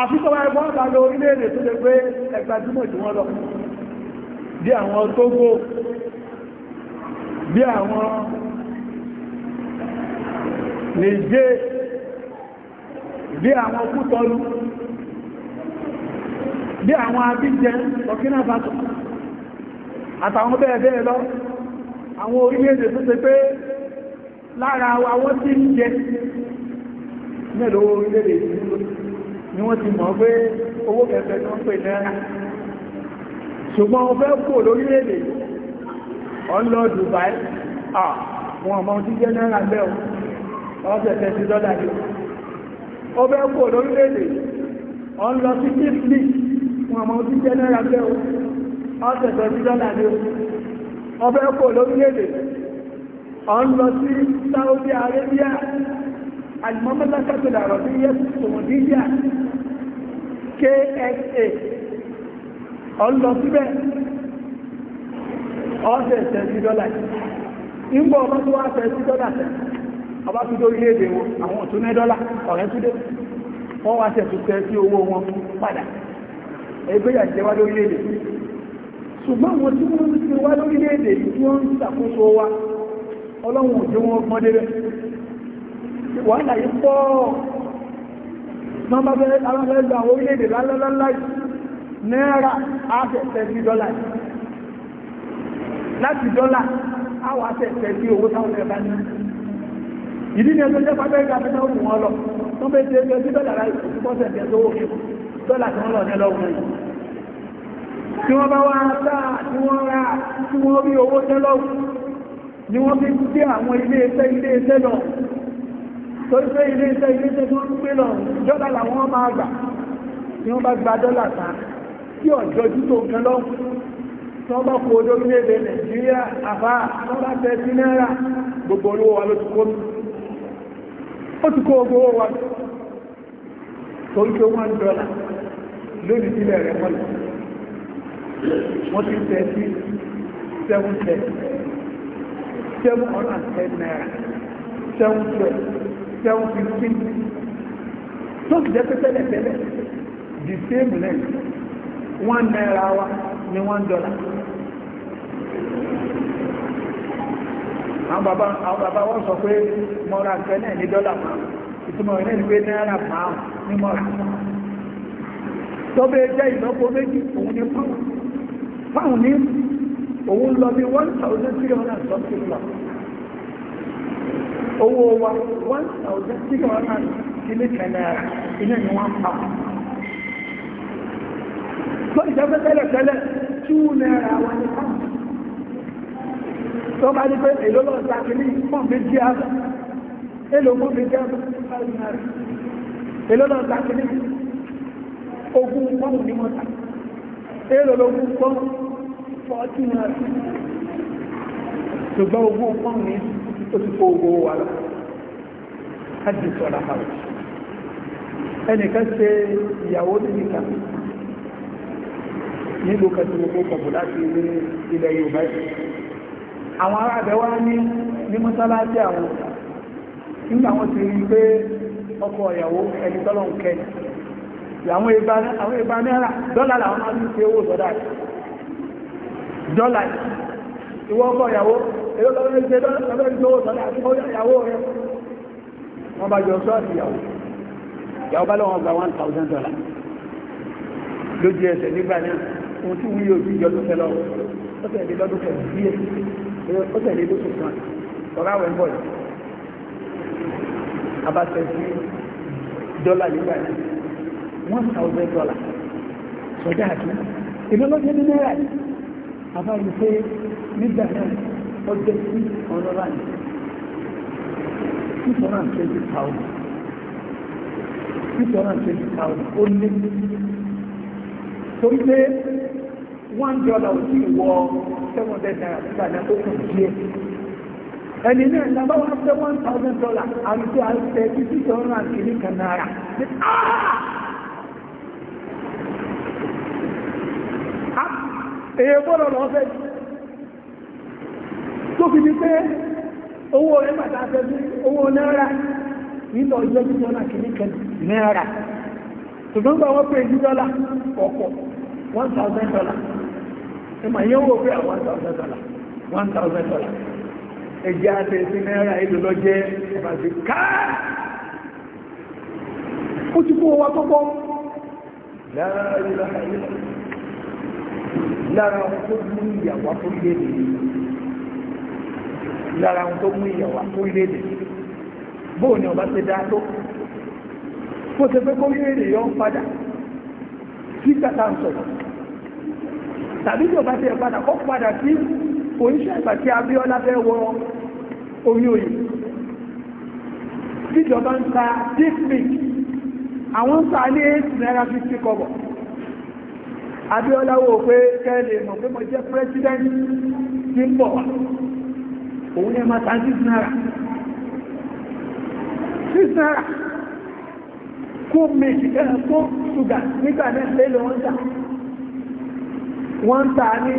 [SPEAKER 2] àfikọ́ ẹgbọ́n ọ̀tà lọ orílẹ̀-èdè tó lè pé ẹgbàjúmọ̀ jù wọ́n lọ bí àwọn Tógó bí àwọn bí àwọn abíjẹ Burkina Faso àtàwọn bẹ́ẹ̀ bẹ́ẹ̀ lọ àwọn orílẹ̀-èdè tó ṣe pé lára wa wọ́n ti ń jẹ mẹ́lò orílẹ̀-èdè ìlú ni wọ́n ti mọ̀ pé owó kẹfẹ́ ní wọ́n pè náírà ṣùgbọ́n wọ́n fẹ́ kò lórílẹ̀-èdè ọlọ́ Dubai ah wọn ọmọ tí jẹ́ náírà bẹ́ẹ̀ ọ̀fẹ́fẹ́ ti dọ́là yìí ó fẹ́ kò lórílẹ̀-èdè ọlọ́ sí wọn mọ̀ ojú jẹ́ o ọ̀sẹ̀sọ̀ sí dọ́là ni o ọbẹ̀ èdè sí Saudi Arabia alimọ́mọ́lá sẹ́tọ̀dà rọ̀ sí yẹ́ KSA ọ̀n síbẹ̀ dọ́là nígbà ọba tó wá sí dọ́là tẹ̀ ọba tó èdè wọn àwọn òtún ní dọ́là ọ̀rẹ́ tó dé wọ́n wá tẹ́ sí owó wọn padà ẹgbẹ́yà jẹ wá lórílẹ̀-èdè ṣùgbọ́n wọn tí wọ́n ti wá lórílẹ̀-èdè tí wọ́n ń ṣàkóso wa ọlọ́run òjò wọn gbọ́n débẹ̀ wàhálà yìí pọ̀ máa bá bẹ́ẹ̀ alábẹ́lú àwọn orílẹ̀-èdè lálálálá náírà àfẹ́fẹ́ sí dọ́là láti dọ́là àwọn àfẹ́fẹ́ owó táwọn ẹ̀bá ní ìdí ni ẹgbẹ́ jẹ́ pàbẹ́rẹ́ àfẹ́fẹ́ òun wọn lọ tó bẹ́ẹ̀ tẹ́ sí dọ́là láì dọ́là tí wọ́n lọ ní lọ́wọ́ yìí tí wọ́n bá wá sáà tí wọ́n ra tí wọ́n rí owó tẹ́ lọ́wọ́ ni wọ́n fi gbé àwọn ilé iṣẹ́ ilé iṣẹ́ lọ torí pé ilé iṣẹ́ ilé iṣẹ́ tí wọ́n gbé lọ dọ́là làwọn máa gbà tí wọ́n bá gba dọ́là tán tí ọ̀jọ́jú tó gan lọ́wọ́ tí wọ́n bá kó o lórí èdè nàìjíríà àbá wọ́n bá tẹ́ sí náírà gbogbo olówó wa ló ti kó lórí sílẹ̀ rẹ̀ mọ́lẹ̀ wọ́n ti tẹ́ sí 710 710 naira 712 715 tó ti jẹ́ pé tẹ́lẹ̀ tẹ́lẹ̀ the same length one naira wa ni one dollar àwọn bàbá wọ́n sọ pé mọ́ra nǹkan náà ní dọ́là máa ìtumọ̀ rẹ̀ ní pé náírà máa ní mọ́ra tọ́bẹ̀ jẹ́ ìlọ́po méjì òun ni pound pound ní òun lọ bí one thousand three hundred and something lọ owó wa one thousand three hundred and kìíní kan náírà iná ni wọ́n pa tó ìjọba tẹ́lẹ̀ tẹ́lẹ̀ two náírà wa ni pound tó bá ní pé èlò lọ́ọ̀ta kìíní pọ̀ méjì àbọ̀ èlò mọ́ méjì àbọ̀ èlò ogún pọ́nù ní wọ́n ta èrò lógún pọ́nù fọ́tí ṣùgbọ́n ogún pọ́nù ní òtútù owó wà lọ kájí ẹnìkan ṣe ìyàwó nìkan nílùú kan tí mo láti ilẹ̀ Yorùbá àwọn ará àbẹ̀wá ní ní mọ́sálásí àwọn wọn ti rí pé ọkọ ìyàwó ẹni tọ́lọ̀ àwọn ìbá náírà dọ́là làwọn máa ń fi owó sọ́dá dọ́là ìwọ ọkọ ìyàwó èyí lọ́wọ́ ìgbé owó sọ́dá ìyàwó rẹ̀ wọ́n bá jọ sọ́ọ̀tì ìyàwó ìyàwó bá lọ́wọ́ gba 1000 dọ́là lójú ẹsẹ̀ nígbà náà ohun tí wúyé òjú ìjọ tó fẹ́ lọ́wọ́ ó tẹ̀lé lọ́dún kẹ̀lú díẹ̀ ó tẹ̀lé lóṣù kan ọ̀rọ̀ àwẹ̀ ń bọ̀ yìí abáṣẹ́ sí dọ́là nígbà one thousand dollars sọjá àti ìlọ́lọ́jẹ́ ní náírà yìí àbáyé pé nígbà náà the sí ọlọ́lá ní two hundred the twenty thousand two hundred and twenty thousand Only. So you say one dollar ò tí wọ seven hundred naira nígbà náà ó kàn díẹ̀ ẹni náà nàbá wá fẹ́ one thousand dollars àrùtọ́ àti ẹ̀kí this hundred and twenty kan Ah! èyẹ gbọ́dọ̀ lọ fẹ́ tó fi di pé owó rẹ̀ bàtà fẹ́ bí owó náírà nílọ náírà gbà wọ́n ní dọ́là ọ̀pọ̀ one thousand dollar ẹ mà pé one thousand dollar one thousand dollar ẹjẹ́ àti ẹ̀sìn náírà ìlú lọ jẹ́ káà ó ti lára ohun tó mú ìyàwó fórílẹ̀-èdè lára ohun tó mú ìyàwó fórílẹ̀-èdè bóò ni ọba ṣe dáa tó kó ṣe pé kórílẹ̀-èdè yọ ń padà sí kàtà ń sọ̀rọ̀ tàbí tí ọba ṣe ẹ̀ padà kó padà sí oníṣẹ́ ìgbà tí Abíọ́lá fẹ́ wọ orí oyè tíjọba ń ta district àwọn ń ta ní 8 naira 50 kọ́bọ̀ Abíọ́lá wò pé kẹ́lẹ̀ mọ̀ pé mo jẹ́ president tí ń bọ̀ wá òun ní ẹmà tán six naira six naira kó méjì kẹ́lẹ̀ kó ṣùgà nígbà náà lélẹ̀ wọ́n tà wọ́n tà ní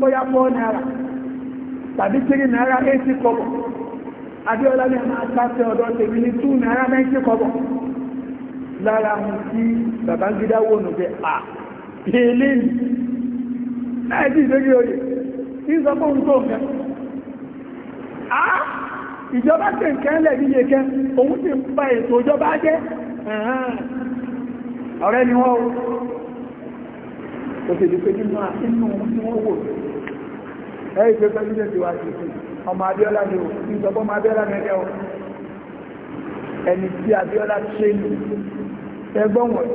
[SPEAKER 2] bóyá four naira tàbí three naira eighty kọ́bọ̀ Abíọ́lá ní ẹmà tàṣẹ ọ̀dọ́ tèmi ní two naira ninety kọ́bọ̀ lára àwọn tí Babangida wò nù bẹ́ẹ̀ bí eléyìí láì sí ìdójú oyè tí ń sọ pé òun tó nǹkan á ìjọba tẹ̀ nǹkan lẹ̀ níye kẹ́ òun ti pa ètò ìjọba jẹ́ ọ̀rẹ́ ni wọ́n ó ṣe lè pé nínú inú tí wọ́n wò ẹ̀yí pé pẹ́lúdẹ̀ntì wá sí ọmọ Abíọ́lá ni ó ní sọ ọmọ Abíọ́lá ni ẹ̀kẹ́ ẹni tí Abíọ́lá ṣe ní ẹgbọ́n wọ̀nyí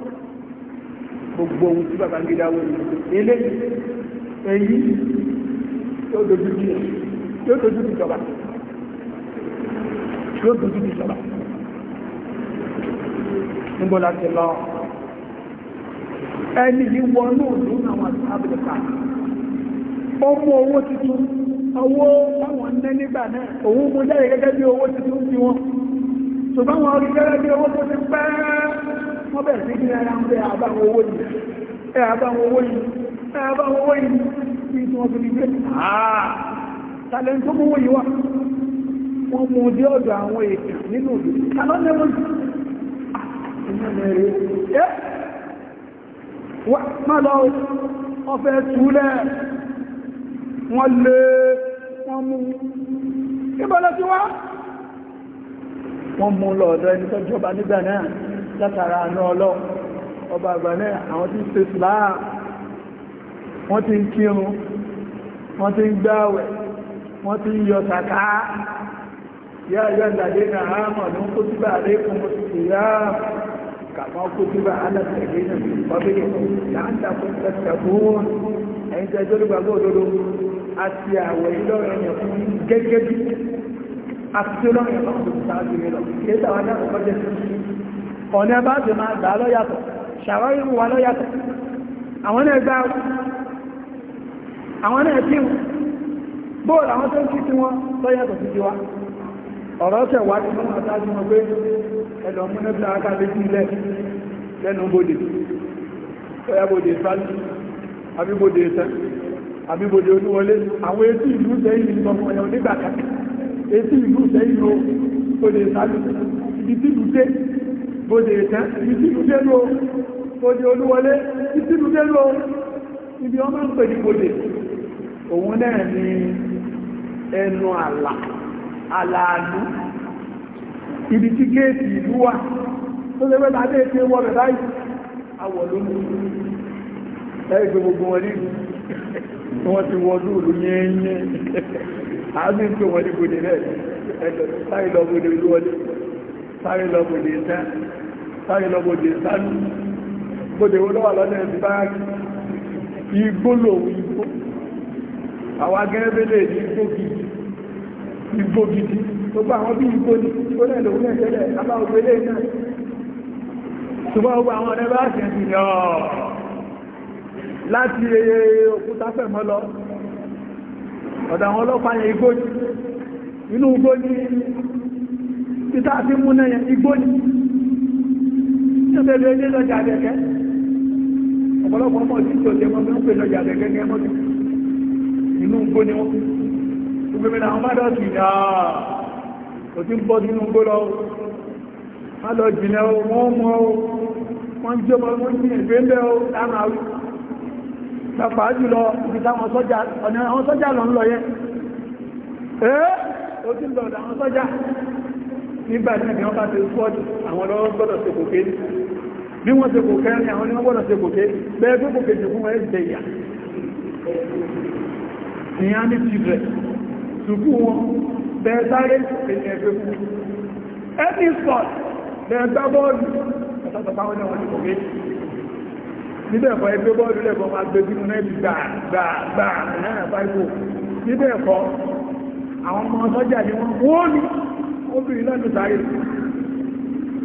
[SPEAKER 2] gbogbo ohun tí bàbá ń gbé dáwọ́ ilé èyí yóò dojú bí yóò dojú bí ìjọba yóò dojú bí ìjọba níbo la ti lọ ẹni yìí wọnú òdú àwọn àti ábìlẹ̀ta ó mú owó tuntun owó táwọn ń nígbà náà òun mú jáde gẹ́gẹ́ bí owó tuntun sí wọn ṣùgbọ́n wọn rí gẹ́gẹ́ bí owó tó ti pẹ́ẹ́ wọ́n bẹ̀rẹ̀ sí ní ara ń bẹ àbáwọn owó yìí ẹ àbáwọn owó yìí ẹ àbáwọn owó yìí ní tí wọ́n fi ní pé àà tàlẹ́ tó mú yìí wá wọ́n mú dé ọ̀dọ̀ àwọn èèyàn nínú òdò kálọ́ lẹ́mọ́ yìí ẹ má lọ ọfẹ́ túlẹ̀ wọ́n lé wọ́n mú ìbọ̀lọ́ ti wá wọ́n mú lọ ọ̀dọ̀ ẹni tó jọba nígbà náà látara àná ọlọ́ ọba àgbà náà àwọn tí ń ṣe sùláà wọ́n ti ń kírun wọ́n ti ń gbáwẹ̀ wọ́n ti ń yọ sàká yá yá ìdàdé na àmà ní kó tí bá rẹ̀ fún oṣù yá kàmọ́ kó tí bá alásẹ̀gbé náà ọdún yìí láńdà fún ẹ̀sẹ̀gbọ́n ẹ̀yìn tẹ́ tó dúgbàgbọ́ òdodo àti àwẹ̀ ìlọ́rẹ̀ yẹn fún gẹ́gẹ́ bí àti tí ó ọ̀nà bá ti máa gbà lọ́yàtọ̀ ṣàwáríwò wa lọ́yàtọ̀ àwọn náà gbá àwọn náà kí wọn àwọn tó ń kí tí wọ́n lọ́yàtọ̀ sí ọ̀rọ̀ wá ní wọn pé ẹ̀lọ múnẹ́bìlá lé, létí ilẹ̀ lẹ́nu bòdè ọya bòdè sáájú àbíbòdè ẹ̀sẹ̀ àwọn etí ìlú sẹ́yìn etí ìlú sẹ́yìn o, bòdè sáájú ibi tí ìlú ìbòdè ìtẹ́ ìtìlúdélò ìbòdè olúwọlé ìtìlúdélò ibi ọmọ ń pè ìbòdè òun náà ni ẹnu àlà àlàánú ibi tí géètì ìlú wà tó lè wẹ́ta dé tí wọ́n rẹ̀ láì àwọ̀ lónú ẹgbẹ̀ gbogbo wọn ní wọ́n ti wọ́n lóòlù yẹ́yẹ́ àádọ́ ìpé wọn ní gbòdè rẹ̀ ẹgbẹ̀ sáré lọ olúwọlé sáré ìtẹ́ sáré lọ bòdè sánú bòdè wo lọ́wà lọ́dẹ̀ báàkì igbó lòun igbó àwọn agẹ́rẹ́bẹ̀lẹ̀ ní igbó gidi igbó gidi tó bá àwọn bí igbó ní igbó náà lòun náà tẹ́lẹ̀ lábá ògbélé náà ṣùgbọ́n gbogbo àwọn ọ̀rẹ́ bá ṣẹ̀ sí ọ̀ láti òkúta fẹ̀mọ́ lọ ọ̀dọ̀ àwọn ọlọ́pàá yẹn igbó ní inú igbó ní tẹ́lẹ̀ ilé lọ́jà àdẹ̀kẹ́ ọ̀pọ̀lọpọ̀ ọmọ ìdí tí ó ni mi lọ má lọ jìnà ọmọ wọn ní ìgbé ń bẹ́ o láàrín àrú pàpà jùlọ ibi táwọn sọ́jà ọ̀nà àwọn bí wọ́n ṣe kò kẹ́rin àwọn ni wọ́n gbọ́dọ̀ ṣe kò ké bẹ́ẹ̀ tó kò kèjì fún ẹ̀ ṣe ìyà ìyá ní tìbẹ̀ ṣùkú wọn bẹ́ẹ̀ sáré ènìyàn fẹ́ fún ẹni sport bẹ́ẹ̀ gbá bọ́ọ̀lù ọ̀tọ̀tọ̀páwọn ni wọ́n ti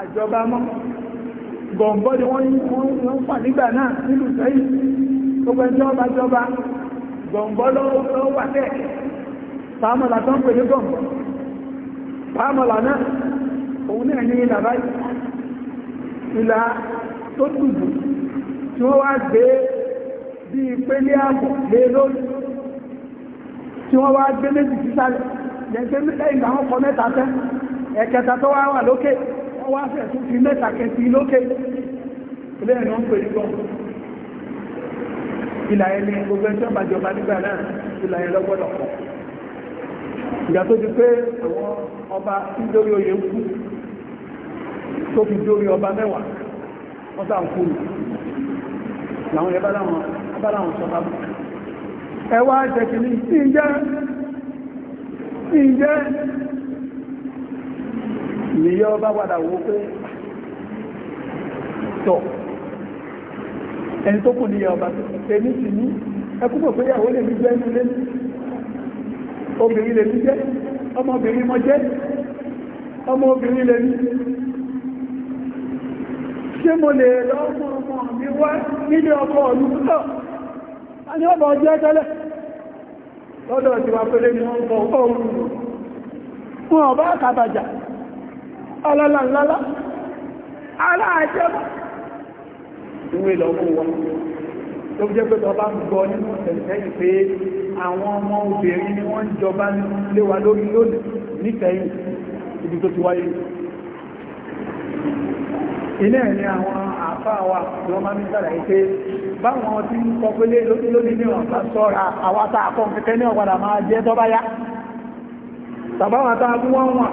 [SPEAKER 2] àjọba mọ́ gọ̀m̀bọ́ ni wọ́n pà nígbà náà nílùú sẹ́yìn gbogbo ẹjọ́ ọba jọba gọ̀m̀bọ́ lọ́wọ́ wà tẹ́ pàámọ̀lá pè ní náà òun náà ní ìlà báyìí ìlà tó tí wọ́n wá gbé bí ààbò lé lórí tí wọ́n wá gbé méjì sísàlẹ̀ ọwọ́ afẹ́ tún fi mẹ́ta kẹsì lókè lẹ́yìn ń pè nígbọ̀n ìlà ẹni gbogbo ẹjọ́ bàjọba nígbà náà ìlà ẹ lọ́gbọ́dọ̀ pọ̀ ìgbà tó di pé àwọn ọba tí lórí oyè ń kú tó fi dórí ọba mẹ́wàá wọ́n sá ń kú nù làwọn ẹbá láwọn sọ bá bù ẹwà jẹ́kìlì sí ìjẹ́ yọ bá padà wó pé tọ̀ ẹni tó kù níyà ọba èmi sì ní ẹkúpọ̀ pé yàwó lè mi jẹ́ inú lé obìnrin lè mi jẹ́ ọmọbìnrin mọ jẹ́ ọmọbìnrin lè mi
[SPEAKER 3] ṣé mo lè lọ ọmọ mi wá nílé ọkọ ọdún tọ́
[SPEAKER 2] wọ́n ọba kàtàjà ọlọ́lọ́lọ́lọ́ aláàjẹ́bọ̀ ìwé lọ́wọ́ wọn tó jẹ́ pé tọba ń gbọ́ nínú ẹ̀sẹ̀yìn pé àwọn ọmọ obìnrin ni wọ́n ń jọba lé wa lórí lónìí nítẹ̀yìn ibi tó ti wáyé ilé ẹ̀ ni àwọn àfáà wa lọ máa ń sára ìpé báwọn tí ń kọ pé lórí lónìí ní ọ̀pá sọ́ra àwátà àkọ́ kẹ́kẹ́ ní ọ̀padà máa jẹ́ tọ́báyá tàbáwọn tá a mú wọn wọn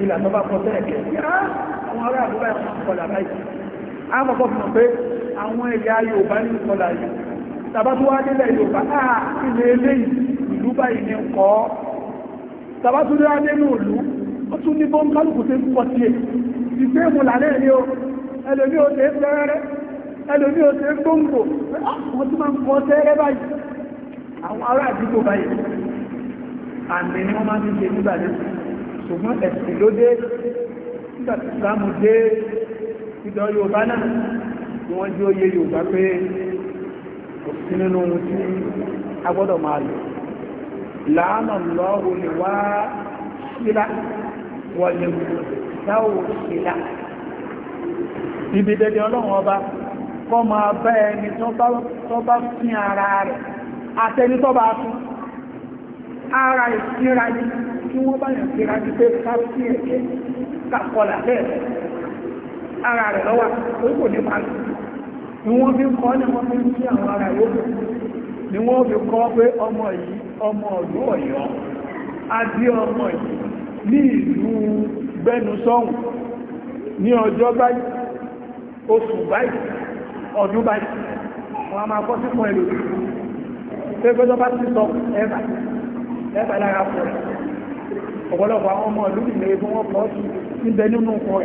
[SPEAKER 2] ilà tó bá kọ sẹ́ẹ̀ kẹ́ ah, àwọn ará àdúrà ìkọlà báyìí a mọ̀kọ́ fi mọ̀ pé àwọn ẹ̀yà Yorùbá ní ìkọlà yìí tàbá tó wá nílẹ̀ Yorùbá náà ah, ilẹ̀ eléyìí ìlú báyìí ní kọ́ tàbá tó dé wá nínú ìlú ó tún ní bọ́n kálukú tó ń pọ̀ sí ẹ̀ ìgbé mu lálẹ́ ní o ẹlòmí ò tẹ́ fẹ́rẹ́rẹ́ ẹlòmí ò tẹ́ gbóngbò ah, wọ́n tún máa ń kọ́ tẹ́rẹ́ báyìí àwọn ará àdúgbò báyìí àmì ni wọ́n máa ń ṣe nígbà lẹ́sìn ṣùgbọ́n ẹ̀sìn ló dé nígbà tí sáàmù dé ìdọ̀ yorùbá náà ni wọ́n jí ó yé yorùbá pé kò sí nínú ohun tí a gbọ́dọ̀ máa lò láàmà lọ́wọ́ lè wá sílá wọlé dáwò sílá ibi dẹ̀dẹ̀ ọlọ́run ọba kọ́ máa bá ẹni tó bá fín ara rẹ̀ àtẹni tó bá fún ara ìsíra yìí tí wọ́n bá yàn kíra ní pé káfí ẹ̀kẹ́ kàkọlà bẹ́ẹ̀ ara rẹ̀ lọ́wọ́ tó kò ní máa ní wọ́n fi kọ́ ní wọ́n fi ń kí àwọn ara yòókù ni wọ́n fi kọ́ pé ọmọ yìí ọmọ ìlú Ọ̀yọ́ adé ọmọ yìí ní ìlú gbẹnusọ́hùn ní ọjọ́ báyìí oṣù báyìí ọdún báyìí wọ́n a máa kọ́ sí fún ẹlòmíràn pé pé tó bá ti sọ ẹ̀bà ẹ̀bà lára fún ẹ̀ ọ̀pọ̀lọpọ̀ àwọn ọmọ ìlú nìlẹ̀ tí wọ́n pọ̀ sí níbẹ̀ nínú nǹkan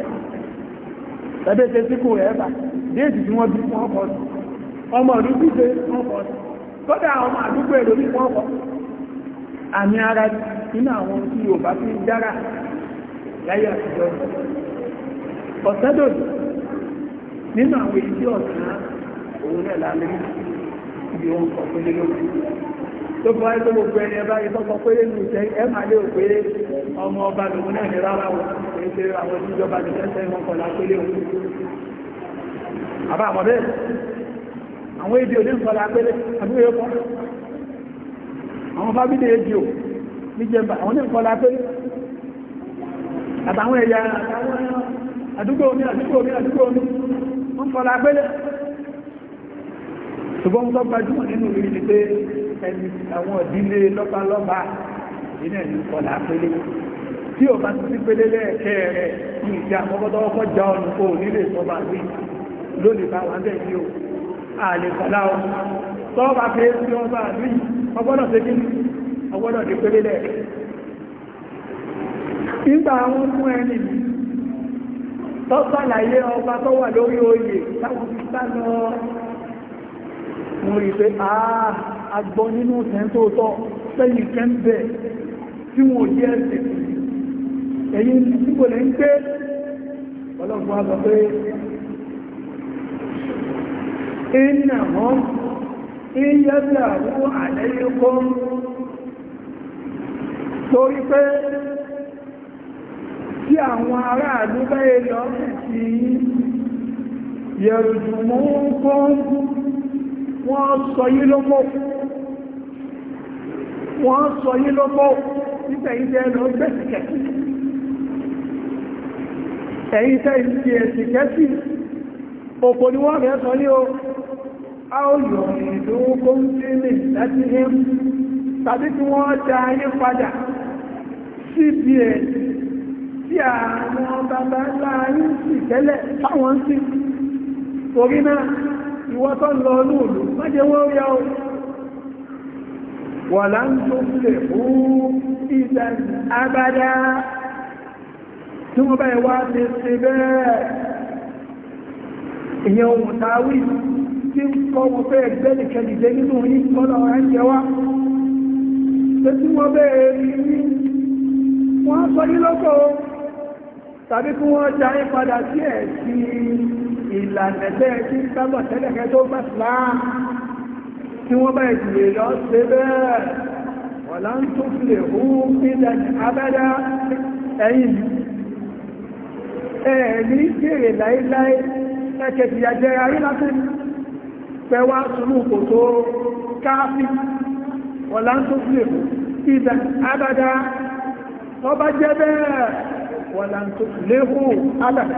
[SPEAKER 2] rẹ̀ ẹgbẹ́ ṣe tí kò rẹ̀ bà déètì tí wọ́n bí wọ́n pọ̀ sí ọmọ ìlú tí ṣe wọ́n pọ̀ sí kódà ọmọ àdúgbò èrò ní wọ́n pọ̀ àmì ara nínú àwọn tí Yorùbá fi ń dára láyé àtijọ́ ọ̀sẹ́dòdì nínú àwọn èyí tí ọ̀sán òun náà lálẹ́ ibi wọn kọ̀ fún lé lórí tó fún wáyé tó gbogbo ẹni ẹbá yìí tọ́kọ pé nínú ìṣẹ́ ẹ máa lé òpé ọmọ ọba lòun náà ní rárá wọn èyí ṣe àwọn ìjọba ìṣẹ́ṣẹ́ wọn kọ̀lá pélé òun àbá àmọ́ bẹ́ẹ̀ àwọn èdè òní ìfọ̀lá pélé àbúrò yóò kọ́ àwọn fábídé èdè ò ní jẹmbà àwọn ní ìfọ̀lá pélé àtàwọn ẹ̀yà àdúgbò mi àdúgbò mi àdúgbò mi ń fọ̀lá pélé ṣùgbọ́n tó gbajúmọ̀ nínú ìlú ni pé ẹni àwọn ìdílé lọ́balọ́ba nínú ẹ̀lú kọ̀lá pélé tí o bá ti pélé lẹ́ẹ̀kẹ́ rẹ̀ ní ìdí àkọ́kọ́tọ́ ọkọ́ já ọ̀nà kò nílé sọba rí lónìí bá wà bẹ́ẹ̀ sí o àlè kọ̀lá o tọ́ọ̀bà pé tí wọ́n bá rí ọgbọ́dọ̀ ṣe kí ọgbọ́dọ̀ ti mo rí pé àà ah, agbọ́ nínú tẹ́ntóótọ́ sẹ́yìn kẹ́ńbẹ̀ tí wọ́n jẹ́ ẹ̀sẹ̀ èyí tí kò lè ń pé ọlọ́pùn àgbà pé iná wọn iyẹ́bẹ̀ àwọn àlẹ́yẹ́kọ́ torí pé tí àwọn aráàlú bẹ́ẹ̀ lọ́pẹ̀ sí yẹ̀rùjùmọ́ kọ́ wọ́n sọ yí lópò wọ́n sọ yí lópò nígbẹ̀yìn jẹ́ lọ gbẹ̀sìkẹ̀sì ẹ̀yìn tẹ́ ìsì ẹ̀sìkẹ́sì ni wọ́n rẹ̀ sọ ní o a ó yọ̀ ìdókó tí àwọn bàbá láàrín sì tẹ́lẹ̀ táwọn sí torí náà ìwọ tó lọ lóòlù májẹ wọ́n rí ọ wà láńtó lè fún ìdàn abádá tí wọ́n báyìí wá ti ṣe bẹ́ẹ̀ ìyẹn ohun tàwí tí ń kọ́ wọn fẹ́ gbẹ́nìkẹ́lì jẹ́ nínú yìí kọ́lọ̀ ìlànà tẹ́ẹ̀ tí ń sábà tẹ́lẹ̀kẹ́ tó bá sláà tí wọ́n bá ìdìyè lọ sí bẹ́ẹ̀ wọ̀lá ń tó fi lè hú nílẹ̀ abẹ́dá ẹ̀yìn ẹ̀ẹ̀ní kèrè láíláí ẹ̀kẹ́ ti yàjẹ́ arí láti pẹ̀wà súnú kò tó káàfí wọ̀lá ń tó fi lè hú ìdà abẹ́dá wọ́n bá jẹ́ bẹ́ẹ̀ wọ̀lá ń tó fi lè hú abẹ́dá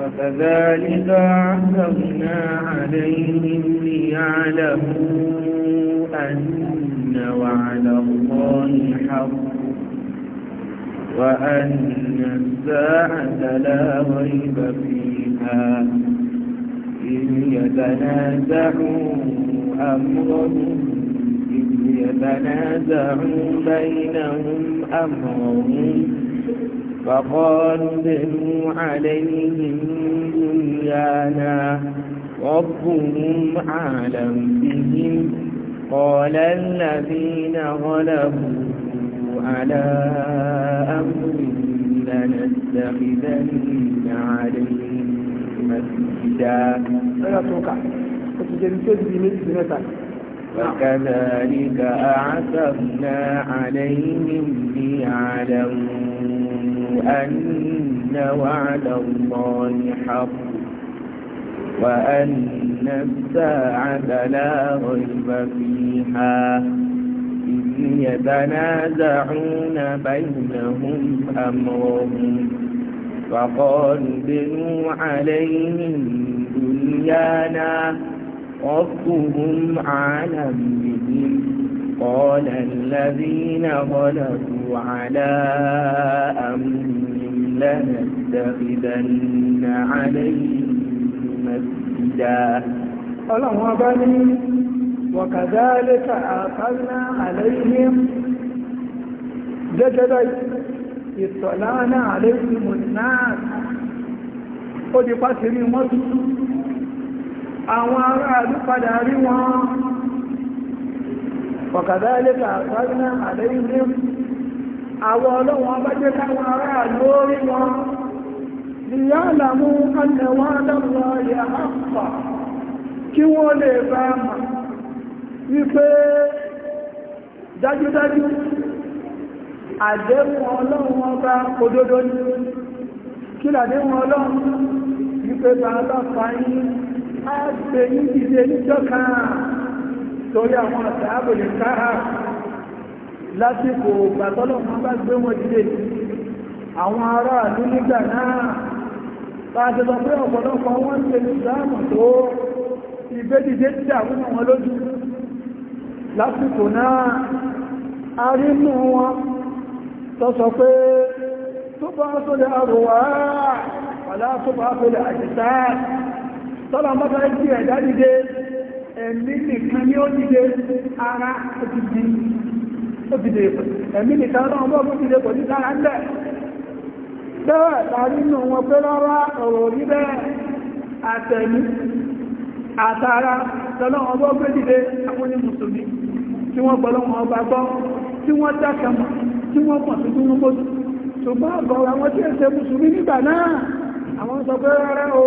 [SPEAKER 1] وكذلك عثرنا عليهم ليعلموا أن وعد الله حق وأن الساعة لا ريب فيها إذ يتنازعوا أمرهم إذ يتنازعوا بينهم أمرهم فقالوا ابنوا عليهم دنيانا ربهم أعلم بهم قال الذين غلبوا على أمرهم لنتخذن عليهم مسجدا. وكذلك أعثرنا عليهم ليعلموا أن وعد الله حق وأن الساعة لا ريب فيها إذ يتنازعون بينهم أمرهم فقالوا بنوا عليهم دنيانا ربهم عالم بهم قال الذين غلبوا على أمرهم لنتخذن عليهم مسجدا
[SPEAKER 2] اللهم بني وكذلك أخذنا عليهم جددا اطلعنا عليهم الناس قد قتلوا مصر àwọn ará àdúpadà rí wọn ọ̀kàdá ilẹ́ta àpárínà àdẹ́yìnlẹ́ àwọn ọlọ́wọ́n bá jẹ́ káwọn ará lórí wọn ìyáàlàmú àtẹ̀wọ́n adọ́rọ̀ yà ápà kí wọ́n lè bá mà wípé dájúdájú àdéhùn ọlọ́run ọba òdodo ní kí làdéhùn ọlọ́run wípé bá lọ́pàá yìí á gbé yín dìde níjọ́ kan torí àwọn àtàbò lè káà lásìkò gbàtọ́lọ̀ wọn bá gbé wọn dìde àwọn aráàlú nígbà náà bá a ṣe sọ pé ọ̀pọ̀lọpọ̀ wọn ṣe ìsáàmù tó ìgbédìde ti àwọn wọn lójú lásìkò náà a wọn tó sọ pé tó bá tó lè àrùwá pàlá tó tó lè àjíṣáà tọ́lá ń bá fẹ́ jí ẹ̀dá dìde ẹ̀mí nìkan ní ó dìde ara ó ti di ó dìde ẹ̀mí nìkan náà bọ́ ó dìde kò ní sára ń bẹ̀ bẹ́ẹ̀ láàrin nù wọn pé rárá ọ̀rọ̀ orí bẹ́ẹ̀ àtẹ̀mí àtàrà tọ́lá wọn bọ́ gbé dìde àwọn ní mùsùlùmí tí wọ́n gbọ́ lọ́wọ́ ọba gbọ́ tí wọ́n dákà mọ̀ tí wọ́n pọ̀ sí túnú mọ́tò ṣùgbọ́n àgọ́ àwọn tí ẹ̀ṣẹ̀ mùsùlùmí nígbà náà àwọn sọ pé rárá o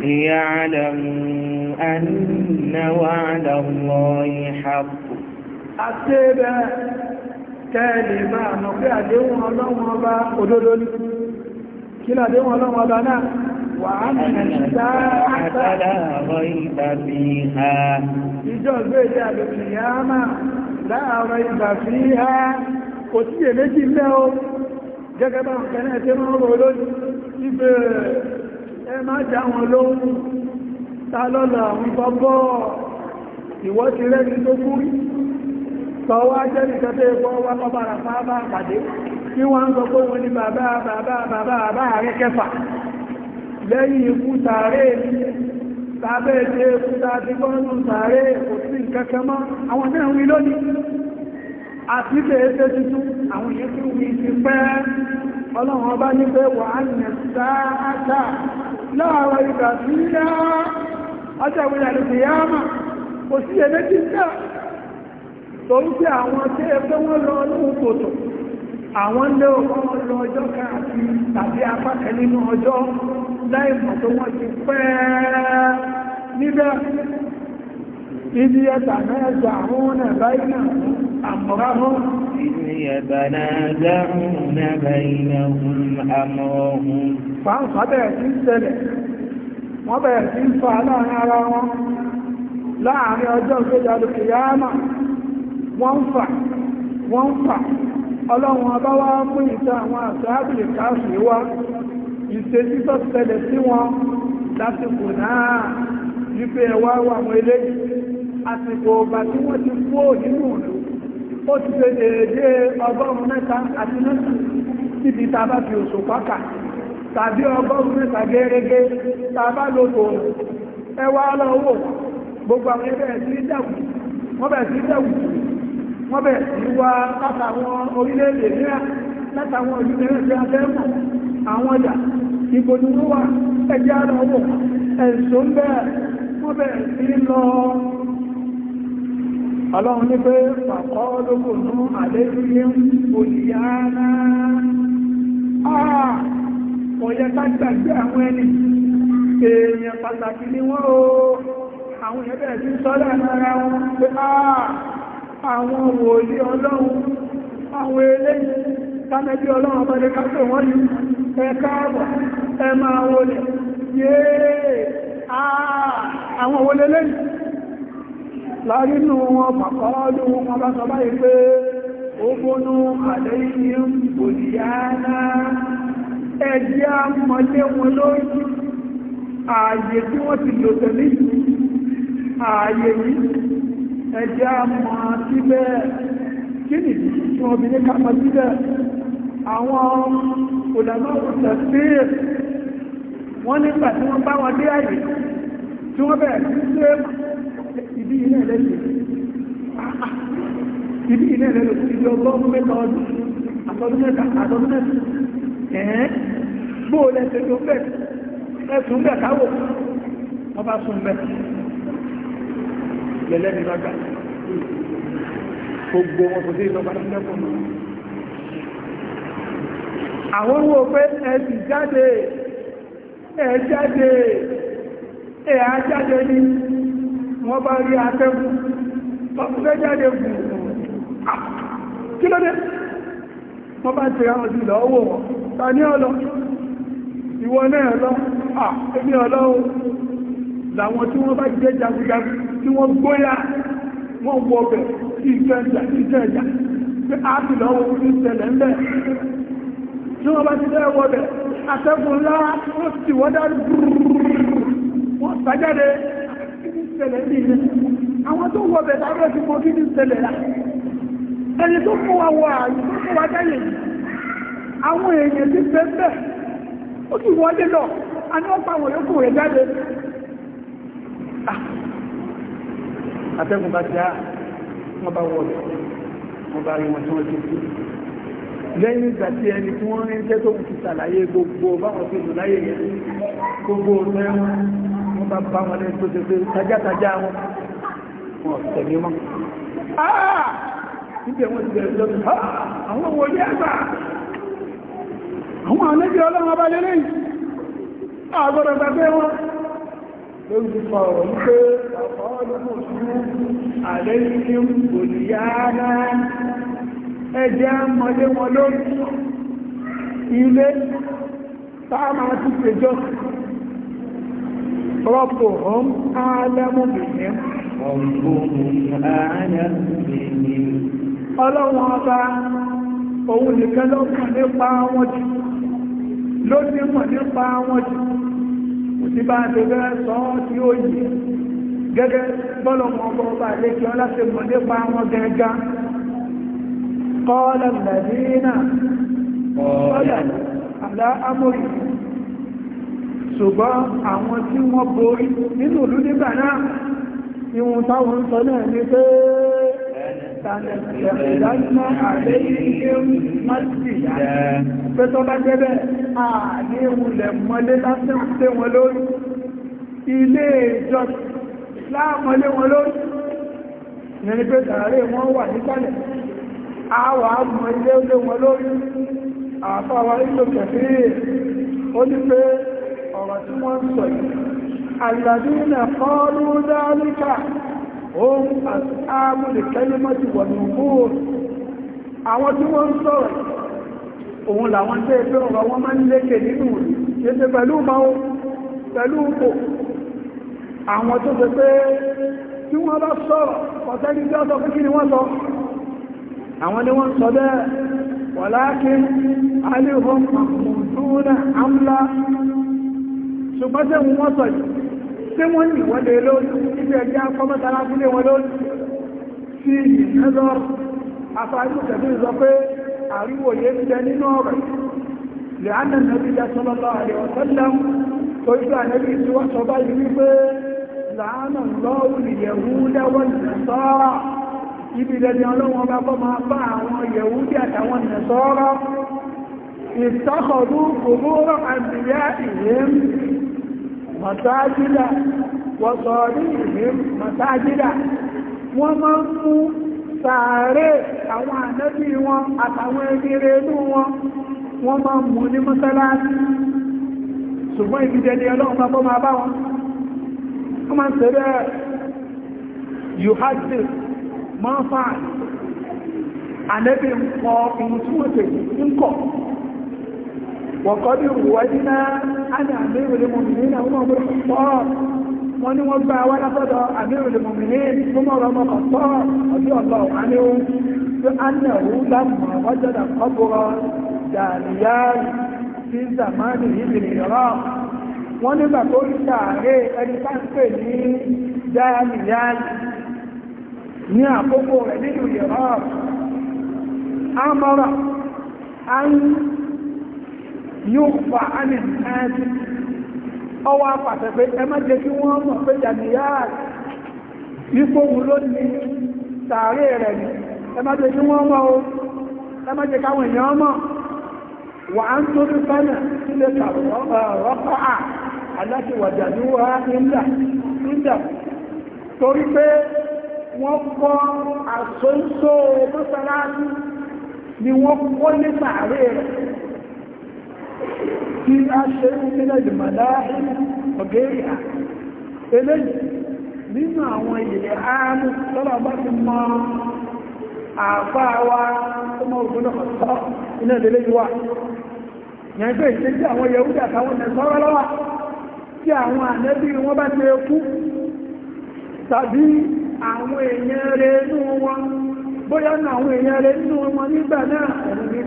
[SPEAKER 1] ليعلموا أن وعد الله حق
[SPEAKER 2] أكتب كلمة نقع ديوم الله وبا أدودني كلا ديوم الله وبا وعن الساعة لا ريب فيها يجوز بيت القيامة لا ريب فيها وتيجي لجي الله جاكبا كانت تنظر لجي ẹ má já wọn lóhun ta lọ́lọ́ àwọn bọ́bọ́ ìwọ́ ti rẹ́ni tó kú rí tọ́wọ́ jẹ́rì tẹ́tẹ́ ẹgbọ́ wá kọbára fábá pàdé kí wọ́n ń sọ pé wọ́n ní bàbá bàbá bàbá bàbá rẹ̀ kẹfà lẹ́yìn ikú tààrẹ tàbẹ́ ẹ̀jẹ́ ikú tàbí gọ́ọ̀nù tààrẹ kò sí nǹkankan mọ́ àwọn náà wí lónìí àti tẹ́ẹ̀ẹ́sẹ́ tuntun àwọn yẹn tí wọ́n ti pẹ́ ọlọ́run ọba nífẹ̀ẹ́ wà á láàárọ̀ ìgbà sí yá átàwọn ìrìnàlùfì yá mà kò sí ẹ̀mẹ́jì ká torí pé àwọn tí ẹgbẹ́ wọn lọ lóhun kòtò àwọn lé ọmọ lọ ọjọ́ tàbí apákẹ́ nínú ọjọ́ láì mọ̀ tó wọ́n إذ يتنازعون بين أمرهم إذ يتنازعون
[SPEAKER 1] بينهم أمرهم فأنصى بيتين
[SPEAKER 2] سنة وبيتين فعلا نراهم لا عن يجب في القيامة وانفع وانفع ọlọ́run ọba wá mú ìta àwọn àṣáàbìlì káàfì wá ìṣẹ́jú tó tẹ̀lẹ̀ àsìkò ọgbà tí wọ́n ti kú nínú ìlú ó ti ṣe èdè ọgọ́rùn mẹ́ta àti mẹ́ta síbi tá a bá fi oṣù pákà tàbí ọgọ́rùn mẹ́ta gẹ́gẹ́ tá a bá lò tó ẹwà lọ́wọ́ gbogbo àwọn ẹgbẹ́ sí dẹ̀wù wọ́n bẹ̀ sí dẹ̀wù wọ́n bẹ̀ sí wá látàwọn orílẹ̀-èdè mìíràn látàwọn ìlú mìíràn tí a fẹ́ mọ̀ àwọn ọjà ìbòdú wà ẹjẹ́ àrọ̀wọ̀ ẹ̀sùn bẹ́ẹ̀ wọ́n bẹ̀ sí lọ ọlọ́run ní pé pàkọ́ lókò ní àwọn ẹni èèyàn pàtàkì ní wọ́n àwọn wọn ah! wòlí ọlọ́run àwọn tánẹ́bí ọlọ́run ọmọdé wọ́n ní ẹ máa yéé ah! àwọn lẹ́yìn láàrínú wọn pàkọ́ọ́lù wọn bá sọ báyìí pé ó bónú àlẹ́yìn bòdìyàná ẹjẹ́ àmọ́lé wọn lórí ààyè tí wọ́n ti lò tẹ̀lé ààyè yìí ẹjẹ́ àmọ́ síbẹ̀ kí ni tí wọ́n bí ní àwọn òdàmọ́ òtẹ̀sí wọ́n nígbà tí wọ́n bá wọn dé àyè tí wọ́n bẹ̀rẹ̀ ibi iná ẹlẹ́lẹ́ ibi iná ẹlẹ́lẹ́ ibi ọgọ́rùn mẹ́ta ọdún àtọ́dún mẹ́ta àtọ́dún mẹ́ta ẹ̀ẹ́ bó o lẹ́sẹ̀ tó fẹ́ ẹ̀sùn bẹ̀ káwò wọ́n bá sùn bẹ̀ lẹ́lẹ́ni lọ́gbà gbogbo wọn kò sí ìjọba lẹ́kọ̀ọ́ àwọn wo pé ẹ̀sì jáde ẹ̀ jáde ẹ̀ á jáde ní wọ́n bá rí atẹ́gùn lọ́pùpẹ́ jáde gùn ah, kí ló dé wọ́n bá tẹ̀rẹ àwọn ìlọ owó wọ́n ta ní ọlọ ìwọ náà lọ àmì ah, ọlọ làwọn tí wọ́n bá jẹ́ jagunjagun tí wọ́n gbóyà wọ́n wọ bẹ̀ sí ìfẹ́jà sí ìfẹ́jà pé áàpì lọ́wọ́ ní ìṣẹ̀lẹ̀ ńlẹ̀ tí wọ́n bá ti dẹ́ wọ bẹ̀ ńlá wọ́n ti wọ́dá wọ́n sájáde ṣẹlẹ̀ ní ilẹ̀ àwọn tó wọ bẹ̀ tàbí ẹ̀sìn mọ́ kí ní ṣẹlẹ̀ rà ẹni tó fún wa wọ ààyè tó fún wa jáyè yìí àwọn èèyàn ti fẹ́ bẹ́ẹ̀ ó sì wọlé lọ àní ọ̀pá àwọn yòókù rẹ̀ jáde àtẹ́kùn bá ti á wọ́n bá wọ́ọ̀lù wọ́n bá rí wọn tí wọ́n ti kú lẹ́yìn ìgbà tí ẹni tí wọ́n rí jẹ́ tó kù ti ṣàlàyé gbogbo báwọn ti lò láyé yẹn gbogbo ọ̀rọ̀ ẹ̀wọ̀n wọ́n bá bá wọn lẹ́yìn tó ṣe pé tajátajá wọn wọn tẹ̀lé mọ́ ah! níbi ẹ̀wọ̀n ti bẹ̀rẹ̀ lọ́dún ah! àwọn wòlíì àgbà àwọn àlejò ọlọ́run ọba lélẹ́yìn àgbọ̀dọ̀ gbàgbé wọn lórí fífọ ọ̀rọ̀ wípé ọlọ́run fún àlẹ́yìn olùyára ẹjẹ́ mọ́lé wọn lórí ilé táà máa pèjọ́ ربهم أعلم بهم ọlọ́run ọba òun nìkan ló mọ̀ nípa wọn jù ló ní mọ̀ nípa wọn jù kò sí bá ń tẹ́gbẹ́ sọ ọ́ tí ó yìí gẹ́gẹ́ bọ́lọ̀mọ̀ ọba ọba àlékí ọlá ṣe mọ̀ nípa wọn gẹ́gẹ́ قال الذين قال على أمرهم ṣùgbọ́n àwọn tí wọ́n borí nínú ìlú nígbà náà ihun táwọn ń sọ náà ní pé ìdájúmọ́ àlẹ́ ilé mọ́sílì pé tó bá jẹ́bẹ̀ àní ìwùlẹ̀ mọ́lé lásán tẹ wọn lórí ilé ìjọ láàmọ́lé wọn lórí ìyẹn pé tààrí wọn wà nípàlẹ̀ àwọ̀ àmọ́ ilé wọn lórí àfáwà ìlò kẹfẹ́ ó ní pé tí wọ́n ń sọ yìí alladina qalu dhalika hum ashabul kalimati wan nubuwwah àwọn tí wọ́n ń sọ̀rọ̀ òun làwọn tẹ́ ẹgbẹ́ ọ̀rọ̀ wọn máa ń lékè nínú ìṣẹ́ pẹ̀lú máa pẹ̀lú pò àwọn tó ṣe pé tí wọ́n bá sọ̀rọ̀ ọ̀tẹ́ni tí ó sọ fún kí ni wọ́n sọ àwọn ni wọ́n sọ bẹ́ẹ̀ walakin alihum mahmuduna amla ṣùgbọ́n tẹ́ mú wọ́n sọ̀rọ̀ tí wọ́n ní ìwọ́de lórí ibi ẹ̀jẹ́ akọ́mọ́tara fúnlé wọn lórí sí ìrìnlọ́ afáàjú tẹ̀lú sọ pé àríwòye ń jẹ nínú ọ̀rọ̀ lè á nà nàbí ya sọlọ́lọ́ àrẹ ọ̀sọ́lẹ́m tó اتخذوا قبور أنبيائهم مساجدا وصالحهم مساجدا ومن sàárè àwọn ànábì wọn àtàwọn ẹgbẹ̀rẹ̀ inú wọn wọ́n máa mú ní mọ́sálásí ṣùgbọ́n ìdíjẹ ni ọlọ́run máa bọ́ máa bá wọn wọ́n máa وقد روينا عن امير المؤمنين عمر بن الخطاب wọ́n ní wọ́n gbá wá látọ́dọ̀ àmírùlù mọ̀mìnín túnmọ̀rọ̀ mọ̀kànlọ́ ọdí ọ̀lọ́ àníhù tó ánàwó lámà wájọ́dà kọ́bùrọ̀ tó yóò fa ánì ọwọ́ pé jẹ́ kí wọ́n mọ̀ pé jàmìyà ìfòhun ló ní tààrí rẹ̀ ní ẹ jẹ́ kí wọ́n mọ̀ o ẹ jẹ́ káwọn èèyàn mọ̀ wà á ń torí fẹ́nà sílé rọ́pọ̀ à aláti ní torí pé wọ́n tí a ṣe ń sílẹ̀ ìmọ̀láhì ọ̀gẹ́rìà eléyìí nínú àwọn ìyẹ̀ ààrùn tọ́lá bá ti mọ àfáàwá tó mọ́ ògùn náà tọ́ iná ìdílé yíwá tàbí àwọn èèyàn rẹ̀ inú wọn bóyá àwọn èèyàn rẹ̀ inú wọn nígbà náà ẹ̀rù ní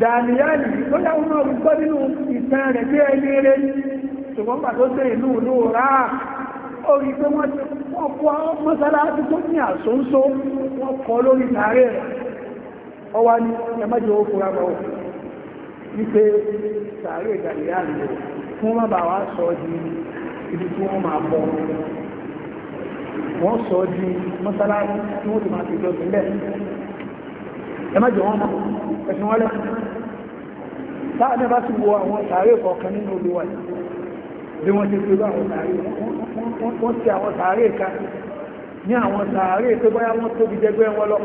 [SPEAKER 2] dàníyàlì tó yá wọn ọdún gbọ́ nínú ìtàn rẹ̀ bí ẹni rẹ̀ ṣùgbọ́n gbà tó ìlú ìlú rà ó pé wọ́n kọ́ mọ́sálásí tó ní bọ̀ wípé tààrẹ fún sọ di ibi tí wọ́n máa bọ̀ wọ́n sọ di mọ́sálásí tí wọ́n ti máa fi jọ sílẹ̀ ẹ̀sìn wọ́n lẹ́kùn láàrín bá ti wo àwọn sàárè kọ̀ọ̀kan nínú olúwa bí wọ́n ti pẹ̀lú àwọn sàárè wọ́n ti àwọn sàárè ká ní àwọn sàárè tó báyá wọ́n tóbi jẹgbẹ́ wọn lọ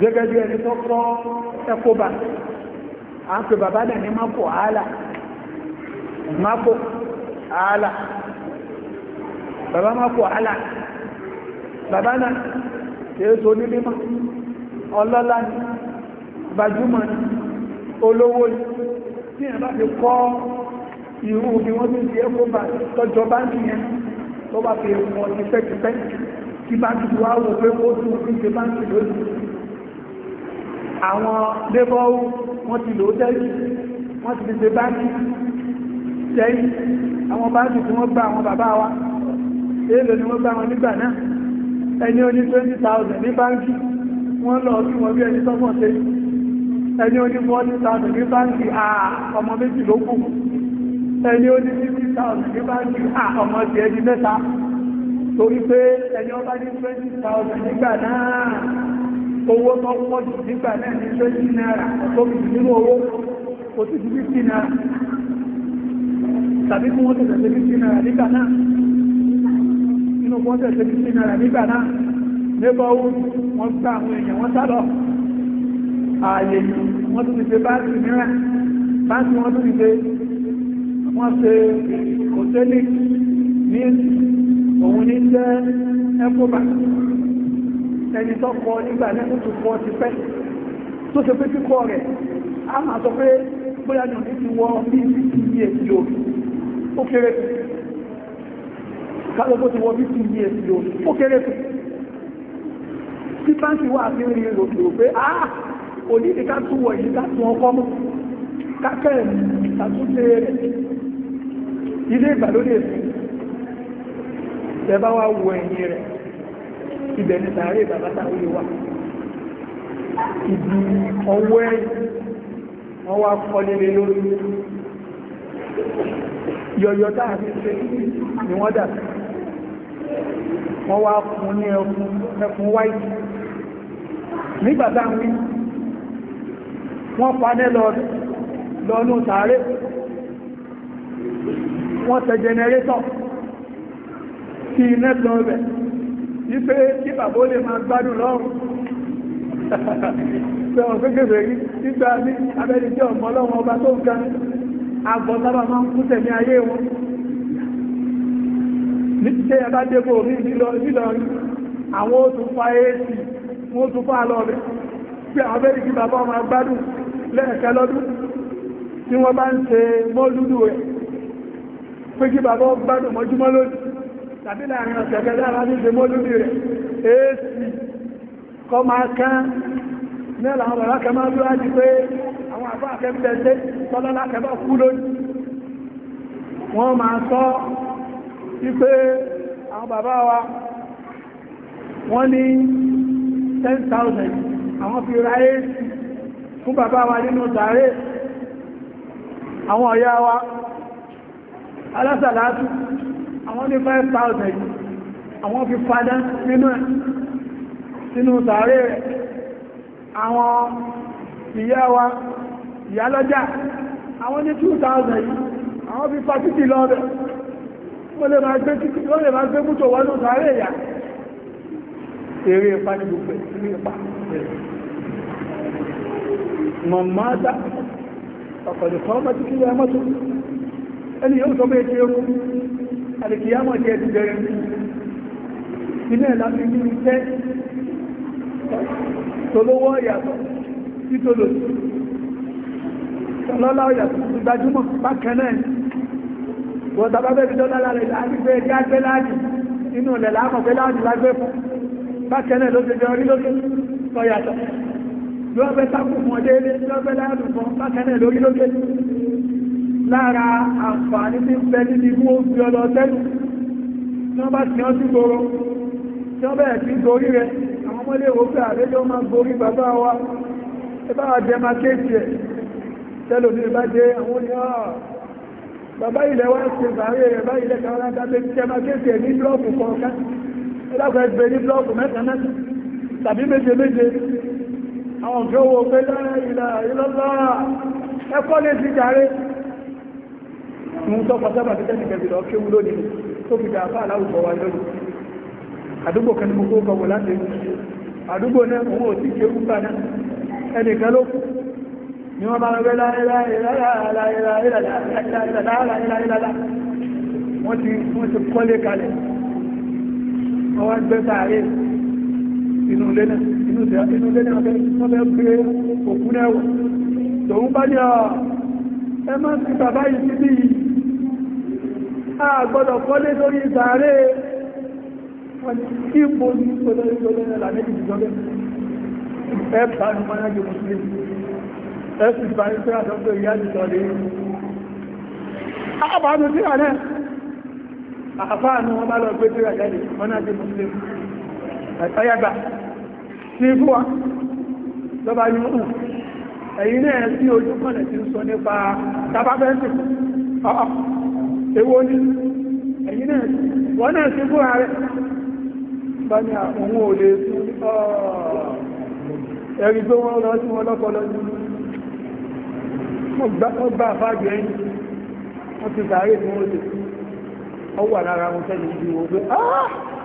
[SPEAKER 2] gẹ́gẹ́ bí ẹni tó kọ́ ẹkóbà à ń pè bàbá dẹ̀ ní mápò gbajúmọ̀ olówó tí ẹ̀ bá fi kọ́ irú bí wọ́n ti di ẹkọ́ bá tọ́jọ báńkì yẹn tó bá fi ẹ̀kọ́ ti pẹ́kipẹ́ kí báńkì wá wò pé ó tún fi ṣe báńkì lónìí àwọn lébọ́wó wọ́n ti lò ó tẹ́lẹ̀ wọ́n ti fi ṣe báńkì tẹ́lẹ̀ àwọn báńkì tí wọ́n gba àwọn bàbá wa èèlò ni wọ́n gba wọn nígbà náà ẹni ó ní 20,000 ní báńkì wọ́n lọ sí wọn bí ẹni tọ́pọ̀ tẹ́lẹ̀ ẹni ó ní forty thousand ní báńkì à ọmọ méjì ló kù ẹni ó ní fifty thousand ní báńkì à ọmọ ti ẹni mẹ́ta torí pé ẹni ọba ní twenty thousand nígbà náà owó tó pọ̀ jù nígbà náà ní twenty naira tó fi jù nínú owó kò sì ju fifty naira tàbí kí wọ́n tẹ̀sẹ̀ fifty naira nígbà náà nínú wọ́n tẹ̀sẹ̀ fifty naira nígbà náà nígbà owó wọ́n gbà àwọn èèyàn wọ́n sá lọ ààyè wọ́n tún ti ṣe báńkì mìíràn báńkì wọ́n tún ti ṣe wọ́n ṣe hòtẹ́lì ní òun ní jẹ́ ẹ́kọ́bà ẹni tó kọ nígbà lẹ́kùn tó kọ ti pẹ́ tó ṣe pé kíkọ rẹ̀ a máa sọ pé bóyá ní ti wọ bí i ti ó kéré kálọ́gbó ti wọ bí i ti ó kéré tí báńkì wà sí rí rò pé ah òní ni ká tún wọ̀ yìí ká tún ọkọ́ mú kákẹ́ ìtàtúnṣe ilé ìgbàlódé èsì tẹ́bá wá wo ẹ̀yìn rẹ̀ ibẹ̀ ní sàárè bàbá táwílé wà ìdí ọwọ́ ẹ̀yìn wọ́n wá kọlẹ̀lẹ̀ lórí ṣe ni wọ́n dà wọ́n wá fún ní ẹkùn wáìtì nígbàtà wí wọ́n pané lọ́nú tààrí wọ́n tẹ jẹnẹrétọ̀ tí iná lọ rẹ̀ wípé kí bàbá lè máa gbádùn lọ́rùn tẹ́wọ̀n kékeré rí nígbà ní abẹ́ni jẹ́ ọmọ ọlọ́run ọba tó ń ga agbọ́n lábà máa ń kú tẹ̀mí ayé wọn ní ṣe ẹ̀bá débò rí nílọrin àwọn ó tún fa ac wọ́n tún fa lọ́rẹ̀ pé àwọn abẹ́ni kí bàbá máa gbádùn lẹ́ẹ̀kẹ́ lọ́dún tí wọ́n bá ń ṣe mọ́lúdù rẹ̀ pé kí bàbá gbádùn mọ́júmọ́ lónìí tàbí láàrin ọ̀sẹ̀ kẹdára ní ṣe mọ́lúdù rẹ̀ èsì kọ máa kán mẹ́lá àwọn bàbá kẹmọ́ ló ájí pé àwọn àbá akẹ́bẹ̀ẹ́sẹ́ tọ́lọ́lá kẹbọ́ kú lónìí wọ́n máa sọ wípé àwọn bàbá wa wọ́n ní 10,000 àwọn fi ra èsì fún bàbá wa nínú tààrí àwọn ọ̀yá wa alásàlátù àwọn ní 5,000 yìí àwọn fi padà nínú ẹ̀ sínú tààrí rẹ̀ àwọn ìyá wa ìyálọ́jà àwọn ní 2,000 yìí àwọn fi pa títì lọ́bẹ̀ wọ́n lè máa gbé mútò wọ́n ní tààrí ìyá eré ipa ní gbogbo ẹ̀ man mata ọ̀pọ̀lù kọ́mọ̀ tí kí yàmọ́ tó ẹni yóò sọ bẹ́ẹ̀ tí ó kú alìkìyàmọ̀ tí ẹ ti bẹ̀rẹ̀ ilẹ̀ láti ní iṣẹ́ tolówó yàtọ̀ títòlò tọlọ́lá yàtọ̀ gbajúmọ̀ bákanáà wọ́n tàbá bẹ́ẹ̀ fi dọ́lá lálẹ́ láti gbé ẹjá gbé láàjì inú ilẹ̀ láàmọ̀ gbé láàjì lágbé fún bákanáà ló ti jẹ́ orí lókè tọ́yàtọ̀ yóò fẹ́ sákò fún ọdẹ ilé yóò fẹ́ láàrùn kan bákẹ́lẹ̀ lórí lókè lára àǹfààní tí ń bẹ níbi mú òbí ọlọ tẹ́lù tí wọ́n bá ti hàn sí gbòòrò tí wọ́n bẹ̀rẹ̀ sí gorí rẹ̀ àwọn ọmọlé wo pé àlejò máa gorí bàbá wa ẹ bá wa jẹ máa kéèkì ẹ̀ tẹ́lù ní bá dé àwọn ní ọ́ ah, bàbá ilẹ̀ wá ṣe bàárẹ̀ rẹ̀ bá ilẹ̀ kan láta pé kí ẹ máa kéèkì ẹ̀ ní blọ́ọ̀kù kọ̀ọ̀kan ẹ dákọ̀ ẹgbẹ̀rún blọ́ọ̀kù mẹ́ta mẹ́ta tàbí méje méje àwọn òfin owó pé láàrínlá ìlọ́lá ẹkọ́ lè sí jàre mú tọ́pọ̀ sábà tí tẹ́sì kẹsì lọ kéwú lónìí tó fi dàáfà aláwùjọ wa lónìí àdúgbò kan ní gbogbo ọkọ̀ láti àdúgbò náà òun ò sí kéwú gbà náà ẹnìkan ló kù ni wọ́n bá rẹ̀ wọ́n ti kọ́lé kalẹ̀ ọwọ́ gbẹ́ta àárẹ̀ inú ilé náà inú ilé náà wọ́n fẹ́ gbé òkú náà wọ̀ tòun bá ní ọ̀ ẹ máa ti bàbá yìí sí bí yìí a gbọ́dọ̀ kọ́lé lórí ìsàárè kí mo ní ìpínlẹ̀ ìpínlẹ̀ ìlànà ìjọba ẹ bá ní mọ́nà jẹ́ mùsùlùmí ẹ sì bá ní sẹ́ra tó pé ìyá ìsọ̀rẹ́ àbánú síra náà àfáà ní wọ́n bá lọ gbé síra jáde mọ́nà jẹ́ mùsùlùmí ẹ̀tọ́yàgbà sí fún wa lọ́bá yìí mú ẹ̀yìn náà sí ojú kọ̀nà tí ń sọ nípa tábábẹ́sì ọ̀ọ̀ ah, ewó ah. ní ẹ̀yìn náà wọ́n náà sí fún ààrẹ bá ní àwọn olè fún ẹ̀rí gbé wọn lọ sí wọn lọ́pọ̀lọ́ wọ́n gbá àfáàjù ẹ̀yìn wọ́n ti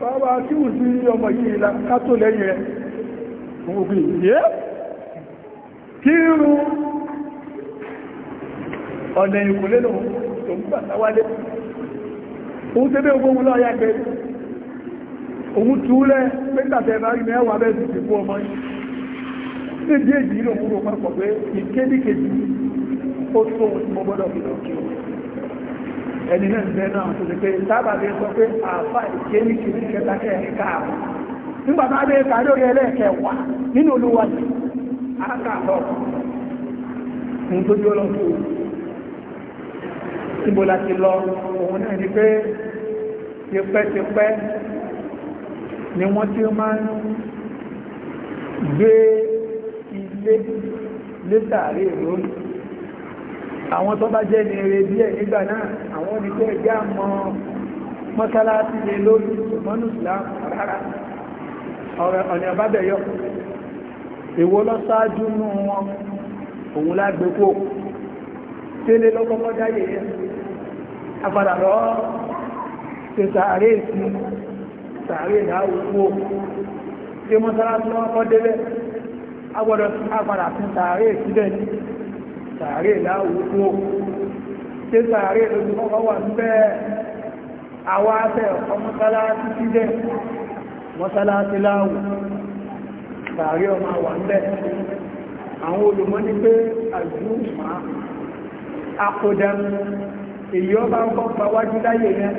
[SPEAKER 2] bàbá kí wù sí ọmọ yìí la ká tó lẹ́yìn rẹ̀ òun fi yẹ́ kírun ọ̀nà ìkùnlé lòun tó ń gbà táwálé òun ogun lọ ya pẹ̀lú òun túúlẹ̀ pẹ́tàtẹ̀ bá rí mẹ́wàá bẹ́ẹ̀ ti fún ọmọ yìí ẹni náà bẹ́ẹ̀ náà tó ti pé sábà bí sọ pé àfà ìké ní kìí kẹta kẹta àwọn nígbà tó abẹ́ ìka lórí ẹlẹ́ẹ̀kẹwà nínú olúwa yìí àkà lọ ní tó jọ lọ sí ibo la ti lọ òun náà ni pé tipẹ́tipẹ́ ni wọ́n ti máa ń gbé ilé létàrí lónìí àwọn tó bá jẹ́ ní eré díẹ̀ nígbà náà àwọn oníkẹ́ ẹ̀já mọ mọ́sálásí lé lórí ṣùgbọ́n islam rárá ọ̀nà àbábẹ̀yọ èwo lọ sáájú nú wọn òun lágbèkó tẹ́lẹ̀ lọ́kọ́kọ́ dáyé yẹn apadà lọ ṣe sàárè sí sàárè láwùkú ṣe mọ́sálásí lọ́kọ́ délẹ̀ agbọ́dọ̀ apadà sí sàárè síbẹ̀ ní sàárè láwùkú ṣé sàárè lójú kọ́kọ́ wà níbẹ̀ àwọn afẹ́ ọ̀kọ́ mọ́sálásí síbẹ̀ mọ́sálásí láwù sàárè ọmọ wà níbẹ̀ àwọn olùmọ́ ní pé àjúmà akọ̀dá èyí ọba ń kọ́ pa wájú láyé rẹ̀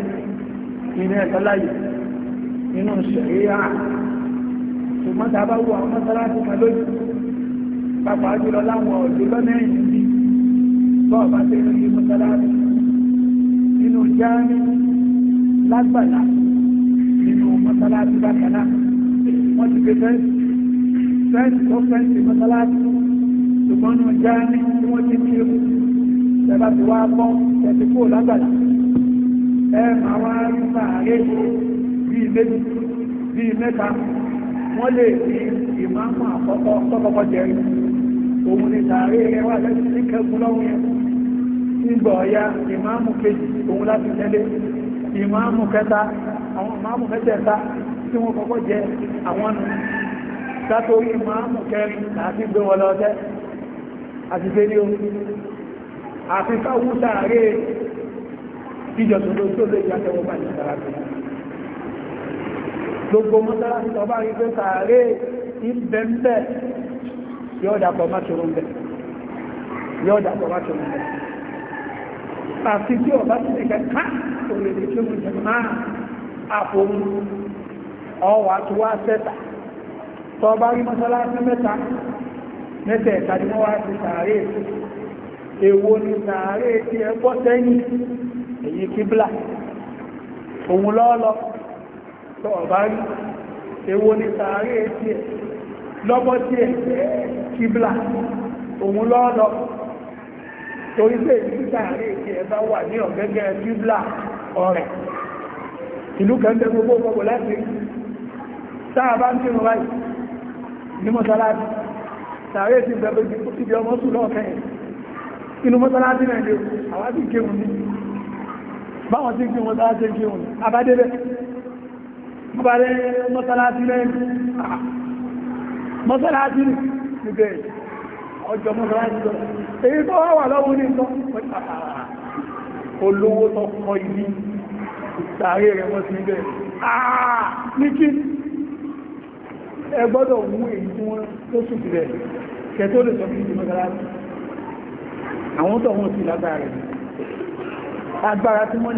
[SPEAKER 2] nínú pàpà jùlọ láwọn ọ̀dọ́ lọ́nà ẹ̀yìn bí bọ́ọ̀ bá ṣe rí mọ́sálásí nínú jáánì lágbàlá nínú mọ́sálásí bákanáà wọ́n ti pè fẹ́ǹsì fẹ́ǹsì tó fẹ́ǹsì mọ́sálásí ṣùgbọ́n nínú jáánì tí wọ́n ti kí ewu ṣẹba ti wá bọ́ ṣẹ̀sì kó lágbàlá ẹ máa wá rí sàárè bíi méjì bíi mẹ́ta wọ́n lè fi ìmáàmù àkọ́kọ́ tọ́kọ́kọ́ jẹ́rìí òun ni tààrí ẹwà lẹ́sí ní kẹgùn lọ́wọ́ yẹn nígbà ọ̀yá ìmáàmù kejì òun láti tẹ̀lé ìmáàmù kẹta àwọn ìmáàmù mẹ́tẹ̀ẹ̀ta tí wọ́n kọ́kọ́ jẹ àwọn nù sátorí ìmáàmù kẹrin láti gbé wọn lọ́tẹ́ àti pé ní orí àfi káwú tààrí ìjọ tó ló tó lè jàtẹ̀wọ́ bá ìjọba gbogbo yóò dàpọ̀ má ṣòro ń bẹ̀ yóò dàpọ̀ má ṣòro ń bẹ̀ àfi tí ọba ti lè kẹta òrèlè tí mo jẹ máa àfòun ọwà tó wá sẹ́ta tọba rí mọ́sálásí mẹ́ta mẹ́tẹ̀ẹ̀ta ni wọ́n wá ti sàárè èwo ni sàárè tí ẹ bọ́ sẹ́yìn èyí kíbla òun lọ́ọ́lọ́ tọba rí èwo ni sàárè tí ẹ lọ́bọ́ tí ẹ kíblà òun lọ́ọ̀lọ́ torí pé ìdíkàrí ètì ẹ̀bá wà ní ọ̀gẹ́gẹ́ kíblà ọ̀rẹ̀ ìlú kẹ́ńtẹ́ gbogbo gbogbo láti sáà bá ń tí mọ̀ báyìí ní mọ́sálásí sàárè ti bẹ̀rẹ̀ ibi ọmọ sùn lọ́ọ̀ kẹ́yìn inú mọ́sálásí nàìjíríà àwọn ti kéwù ní báwọn ti kéwù mọ́sálásí kéwù ní abádébẹ̀ mọ́sálásí lẹ́yìn mọ́sálásí níbẹ̀ ọjọ́ mọ́sára jùlọ èyí tó wá wà lọ́wọ́ ní ìtọ́ olówó tó kọ ìlú ìtàrí rẹ̀ wọ́n sí níbẹ̀ ní kí ẹ gbọ́dọ̀ mú èyí tí wọ́n tó sùn sílẹ̀ kẹ tó lè sọ fún ìdí mọ́sára àwọn tó wọ́n sí lágbára rẹ̀ agbára tí wọn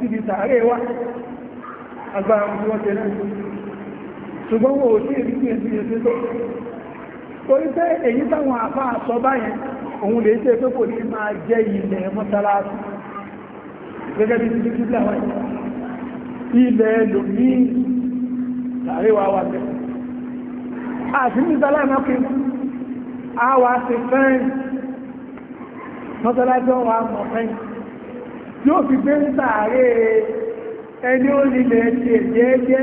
[SPEAKER 2] síbi sàárè wá agbára tí wọ́n tẹ̀lé ṣùgbọ́n wọn ò sí èrí sí èsì èsì tó torí pé èyí táwọn àbá àsọ báyẹn òun lè ṣe pé kò ní máa jẹ́ ilẹ̀ mọ́sálásí gẹ́gẹ́ bí ti kíkí àwọn ilẹ̀ lòmí sàárè wá wà tí ó fi gbé ń sàárè ẹni ó nílẹ̀ ti ẹ̀jẹ́ jẹ́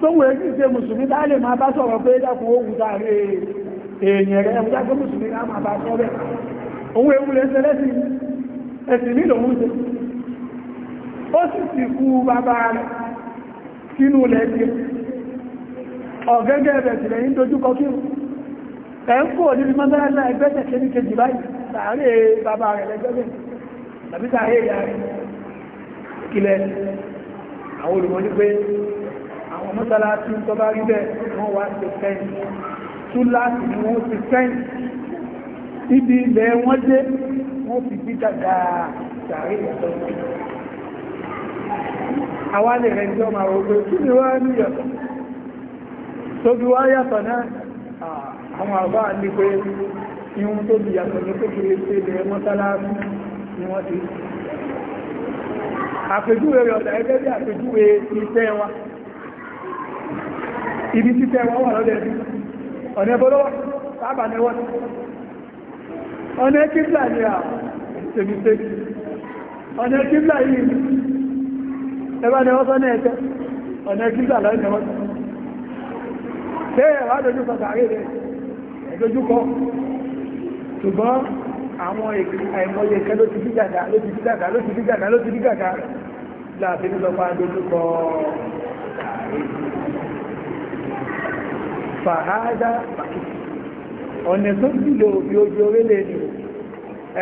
[SPEAKER 2] tó wù ẹ́kì ṣe mùsùlùmí tá lè máa bá sọ̀rọ̀ pé dákun ó wù sàárè èèyàn rẹ̀ ẹ̀mú dákun mùsùlùmí ká máa bá sọ bẹ́ẹ̀ òun ewu lè ṣe lẹ́sìn ẹ̀sìn nílò ń ṣe ó sì ti kú bàbá rẹ̀ sínú lẹ́sìn ọ̀gẹ́gẹ́ ẹ̀bẹ̀ sílẹ̀ yìí dojúkọ kí ẹ̀ ń kó òdìrí mọ́tàlá ẹgbẹ́ tẹ̀kẹ́ báyìí sàárè bàbá rẹ̀ lẹ́gbẹ́gbẹ́ tàbí sàárè ìyá ìkìlẹ̀ àwọn olùmọ̀ ní pé àwọn mọ́sálásí tó bá rí bẹ́ẹ̀ wọ́n wá ṣe fẹ́ǹsì tún láti ní wọ́n ti fẹ́ǹsì ibi ilẹ̀ wọ́n dé wọ́n fi bí dàgbà sàárè ìyàtọ̀ àwọn alẹ́ rẹ̀ jọ máa rògbé kí ni wọ́n ní yàtọ̀ tó bí wá yàtọ̀ náà àwọn àbá ní pé ihun tó bí yàtọ̀ ní kókèrè sí ilẹ̀ mọ́sálásí ni wọ́n ti àpèjúwe rẹ̀ ọ̀dà ẹgbẹ́ bí àpèjúwe iṣẹ́ wa ibi títẹ́ wọn wà lọ́dẹ̀ sí ọ̀nà ẹbọ́lọ́wọ́ sábà ní wọ́n ọ̀nà kíblà ní à ṣèmìṣẹ́ ọ̀nà kíblà yìí ẹbá ní wọ́n sọ́nà ẹ̀tẹ́ ọ̀nà kíblà lọ́nà wọ́n àwọn àìmọye kẹ́ ló ti bí gàgà ló ti bí gàgà ló ti bí gàgà ló ti bí gàgà láàfin ní lọ́pàá dojúkọ fàhádà ọ̀nà tó nílò òbí ojú orílẹ̀ èdè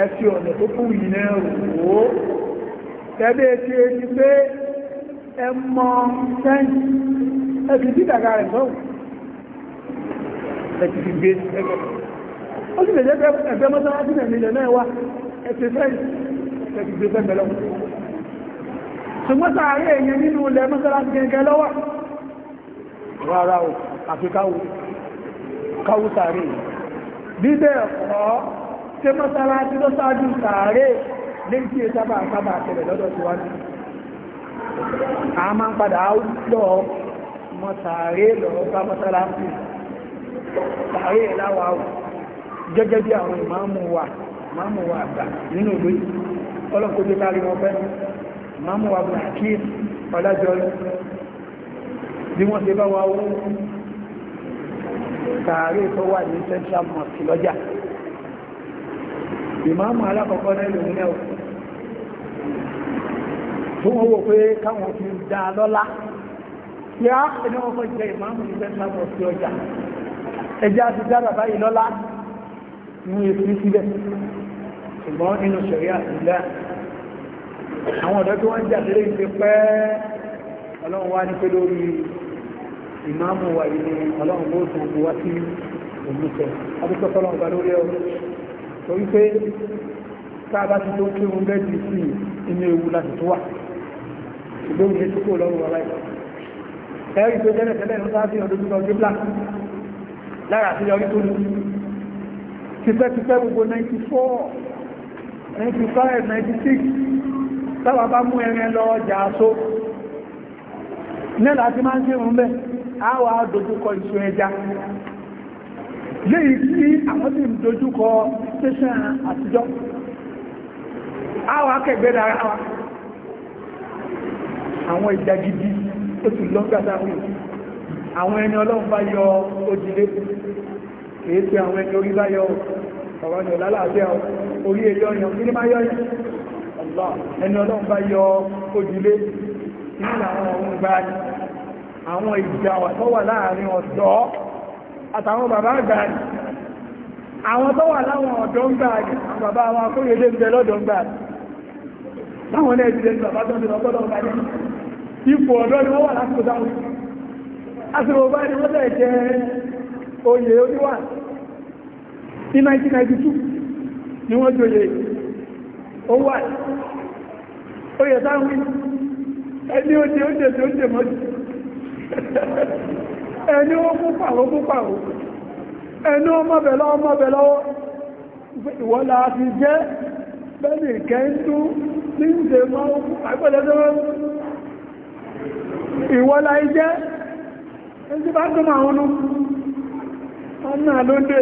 [SPEAKER 2] ẹ fi ọ̀nà tó kú yìí náà wò ó tẹ́lẹ̀ tí é ti pé ẹ mọ sẹ́yìn ẹ ti bí gàgà rẹ̀ sọ́wọ́
[SPEAKER 1] ẹ ti fi gbé ẹgbẹ̀rún
[SPEAKER 2] ó sì lè jẹ́ ẹgbẹ́ mọ́sánásí nẹ̀mí ilẹ̀ náà wá ẹ̀sẹ̀ fẹ́ẹ̀sì ẹ̀sì gbé fẹ́ẹ̀mẹ́ lọ ṣùgbọ́n sàárẹ̀ èèyàn nínú ilẹ̀ mọ́sánásí gẹ́gẹ́ lọ́wọ́ rárá o àfi káwú sàárẹ̀ bíbẹ̀ ọ̀ ṣe mọ́sánásí ló sáájú sàárẹ̀ lẹ́yìn tí sábà sábà tẹ̀lẹ̀ lọ́dọ̀ síwájú a máa ń padà lọ mọ́ sàárẹ̀ lọ bá mọ́sánásí sàárẹ̀ láwàá gẹ́gẹ́ bí àwọn ìmáàmù wa ìmáàmù wa àgbà nínú ìlú ọlọ́kọ̀ọ́jẹ́ láàrí wọn pẹ́ ìmáàmù wa bùn àkí ọlájọ́ bí wọ́n ṣe bá wa wú sàárè tó wà ní central mosque lọ́jà ìmáàmù alákọ̀ọ́kọ́ náà lòun náà tó wọ́n wò pé káwọn fi dára báyìí lọ́lá mú efiri síbẹ̀ ṣùgbọ́n nínú ṣẹ̀ríà ìlà àwọn ọ̀dọ́ tí wọ́n jà lórí ìpé pẹ́ ọlọ́run wá ní pé lórí ìmáàmù wà ilé ọlọ́run bó tún kú wá sí òmùsẹ̀ adúpẹ́ fọ́lọ́run bá lórí ẹ̀rọ torí pé káàbá ti tó kí oúnjẹ jù sí jẹ́lẹ̀ tẹ́lẹ̀ ń sáà ọdún tó lára àti yọrí tó lù tipẹ́tipẹ́ gbogbo 94 95 96 sábà bá mú ẹrin lọ ọjà àṣó nílá tí máa ń ṣe rún bẹ́ àwọ̀ àdójúkọ ìṣò ẹja léyìí tí àwọn tí ń dojúkọ tẹ́ṣàn àtijọ́ àwọ̀ akẹgbẹ́ dára wa àwọn ìjà gidi ó ti lọ́gbàdá wọn àwọn ẹni ọlọ́run bá yọ òjìlé kìí pé àwọn ẹni orí bá yọ òjìlé ọ̀rọ̀ ni ọ̀lá láàbẹ́ orí èyọ yàn kí ní máa yọ yàn ọ̀lá ẹni ọlọ́run bá yọ ojúlé nínú àwọn ohun gba ni àwọn ìjà tó wà láàrin ọ̀dọ́ àtàwọn bàbá àgbà ni àwọn tó wà láwọn ọ̀dọ́ ń gbà ni àwọn bàbá àwọn akóyèdè ń bẹ lọ́dọ̀ ń gbà ni láwọn ilé ìdílé ní bàbá tó ń bẹ lọ́dọ̀ ń gbà ni ipò ọ̀dọ́ ni wọ́n wà lásìkò táwọn àti bàbá ni wọ́n tẹ̀ jẹ́ oyè oníwà ní 1992 ni wọ́n jòyè ó wà ó yẹ sáwí ẹni ó jẹ ó jẹ tí ó jẹ mọ́jú ẹni ó fún pàrọ fún pàrọ ẹni ó mọ́bẹ̀lọ́ mọ́bẹ̀lọ́wọ́ ìwọ́lá fi jẹ́ bẹ́ẹ̀ni kẹ́ntú ní ìṣe máa ń fún àgbẹ̀lẹ́sọ́wọ́ ìwọ́lá ijẹ́ ẹni tí bá tó máa ń nú ọ̀nà ló dé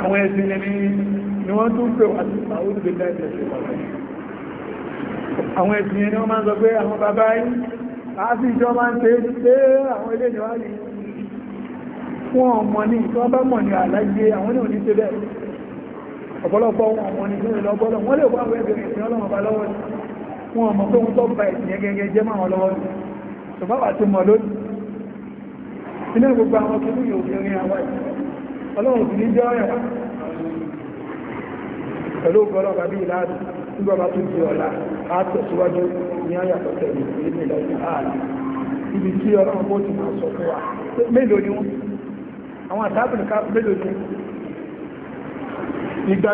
[SPEAKER 2] àwọn ẹ̀sìn ni ni wọ́n tún pè wà sí àwọn olùgbèdá ìṣẹ̀ṣẹ̀ àwọn ẹ̀sìn ni wọ́n máa ń sọ pé àwọn bàbá yìí àti ìjọ máa ń tẹ́ pé àwọn ilé ìjọba yìí fún ọmọ ní ìtọ́ bá mọ̀ ní àláyé àwọn ní òní ṣe bẹ́ẹ̀ ọ̀pọ̀lọpọ̀ wọn ọmọ ní ìṣẹ́ lọ́gbọ́lọ̀ wọ́n lè wá wẹ́bẹ̀ ìṣẹ́ ọlọ́mọ bá lọ́wọ́ wọn ọmọ tó ń tọ́ bá ìṣẹ́ gẹ́gẹ́ jẹ́ máa lọ́wọ́ ṣùgbọ́n àti mọ̀ lónìí ilé gbogbo àwọn kìí yóò fi rin àwọn ìpínlẹ̀ ọlọ́run sì ní jẹ́ ọ̀rẹ́ pẹ̀lú ọgọ́lọ́gbà bí ìlàdì nígbàbá tó di ọ̀la látẹ̀síwájú ní àyàtọ̀tẹ̀ ìpínlẹ̀ ìlàdì ibi tí ọlọ́run bó ti máa sọ fún wa mélòó ni wọ́n àwọn àtàbùn ká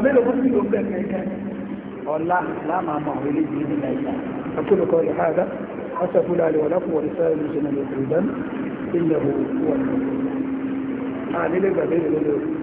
[SPEAKER 2] mélòó ọ̀la láàmà mọ̀ orílẹ̀ ìlú ìlàdì akólùkọ́ أسف لا لي ولكم ولسائر المسلمين يقول إنه هو المسلم
[SPEAKER 1] آه للي قبل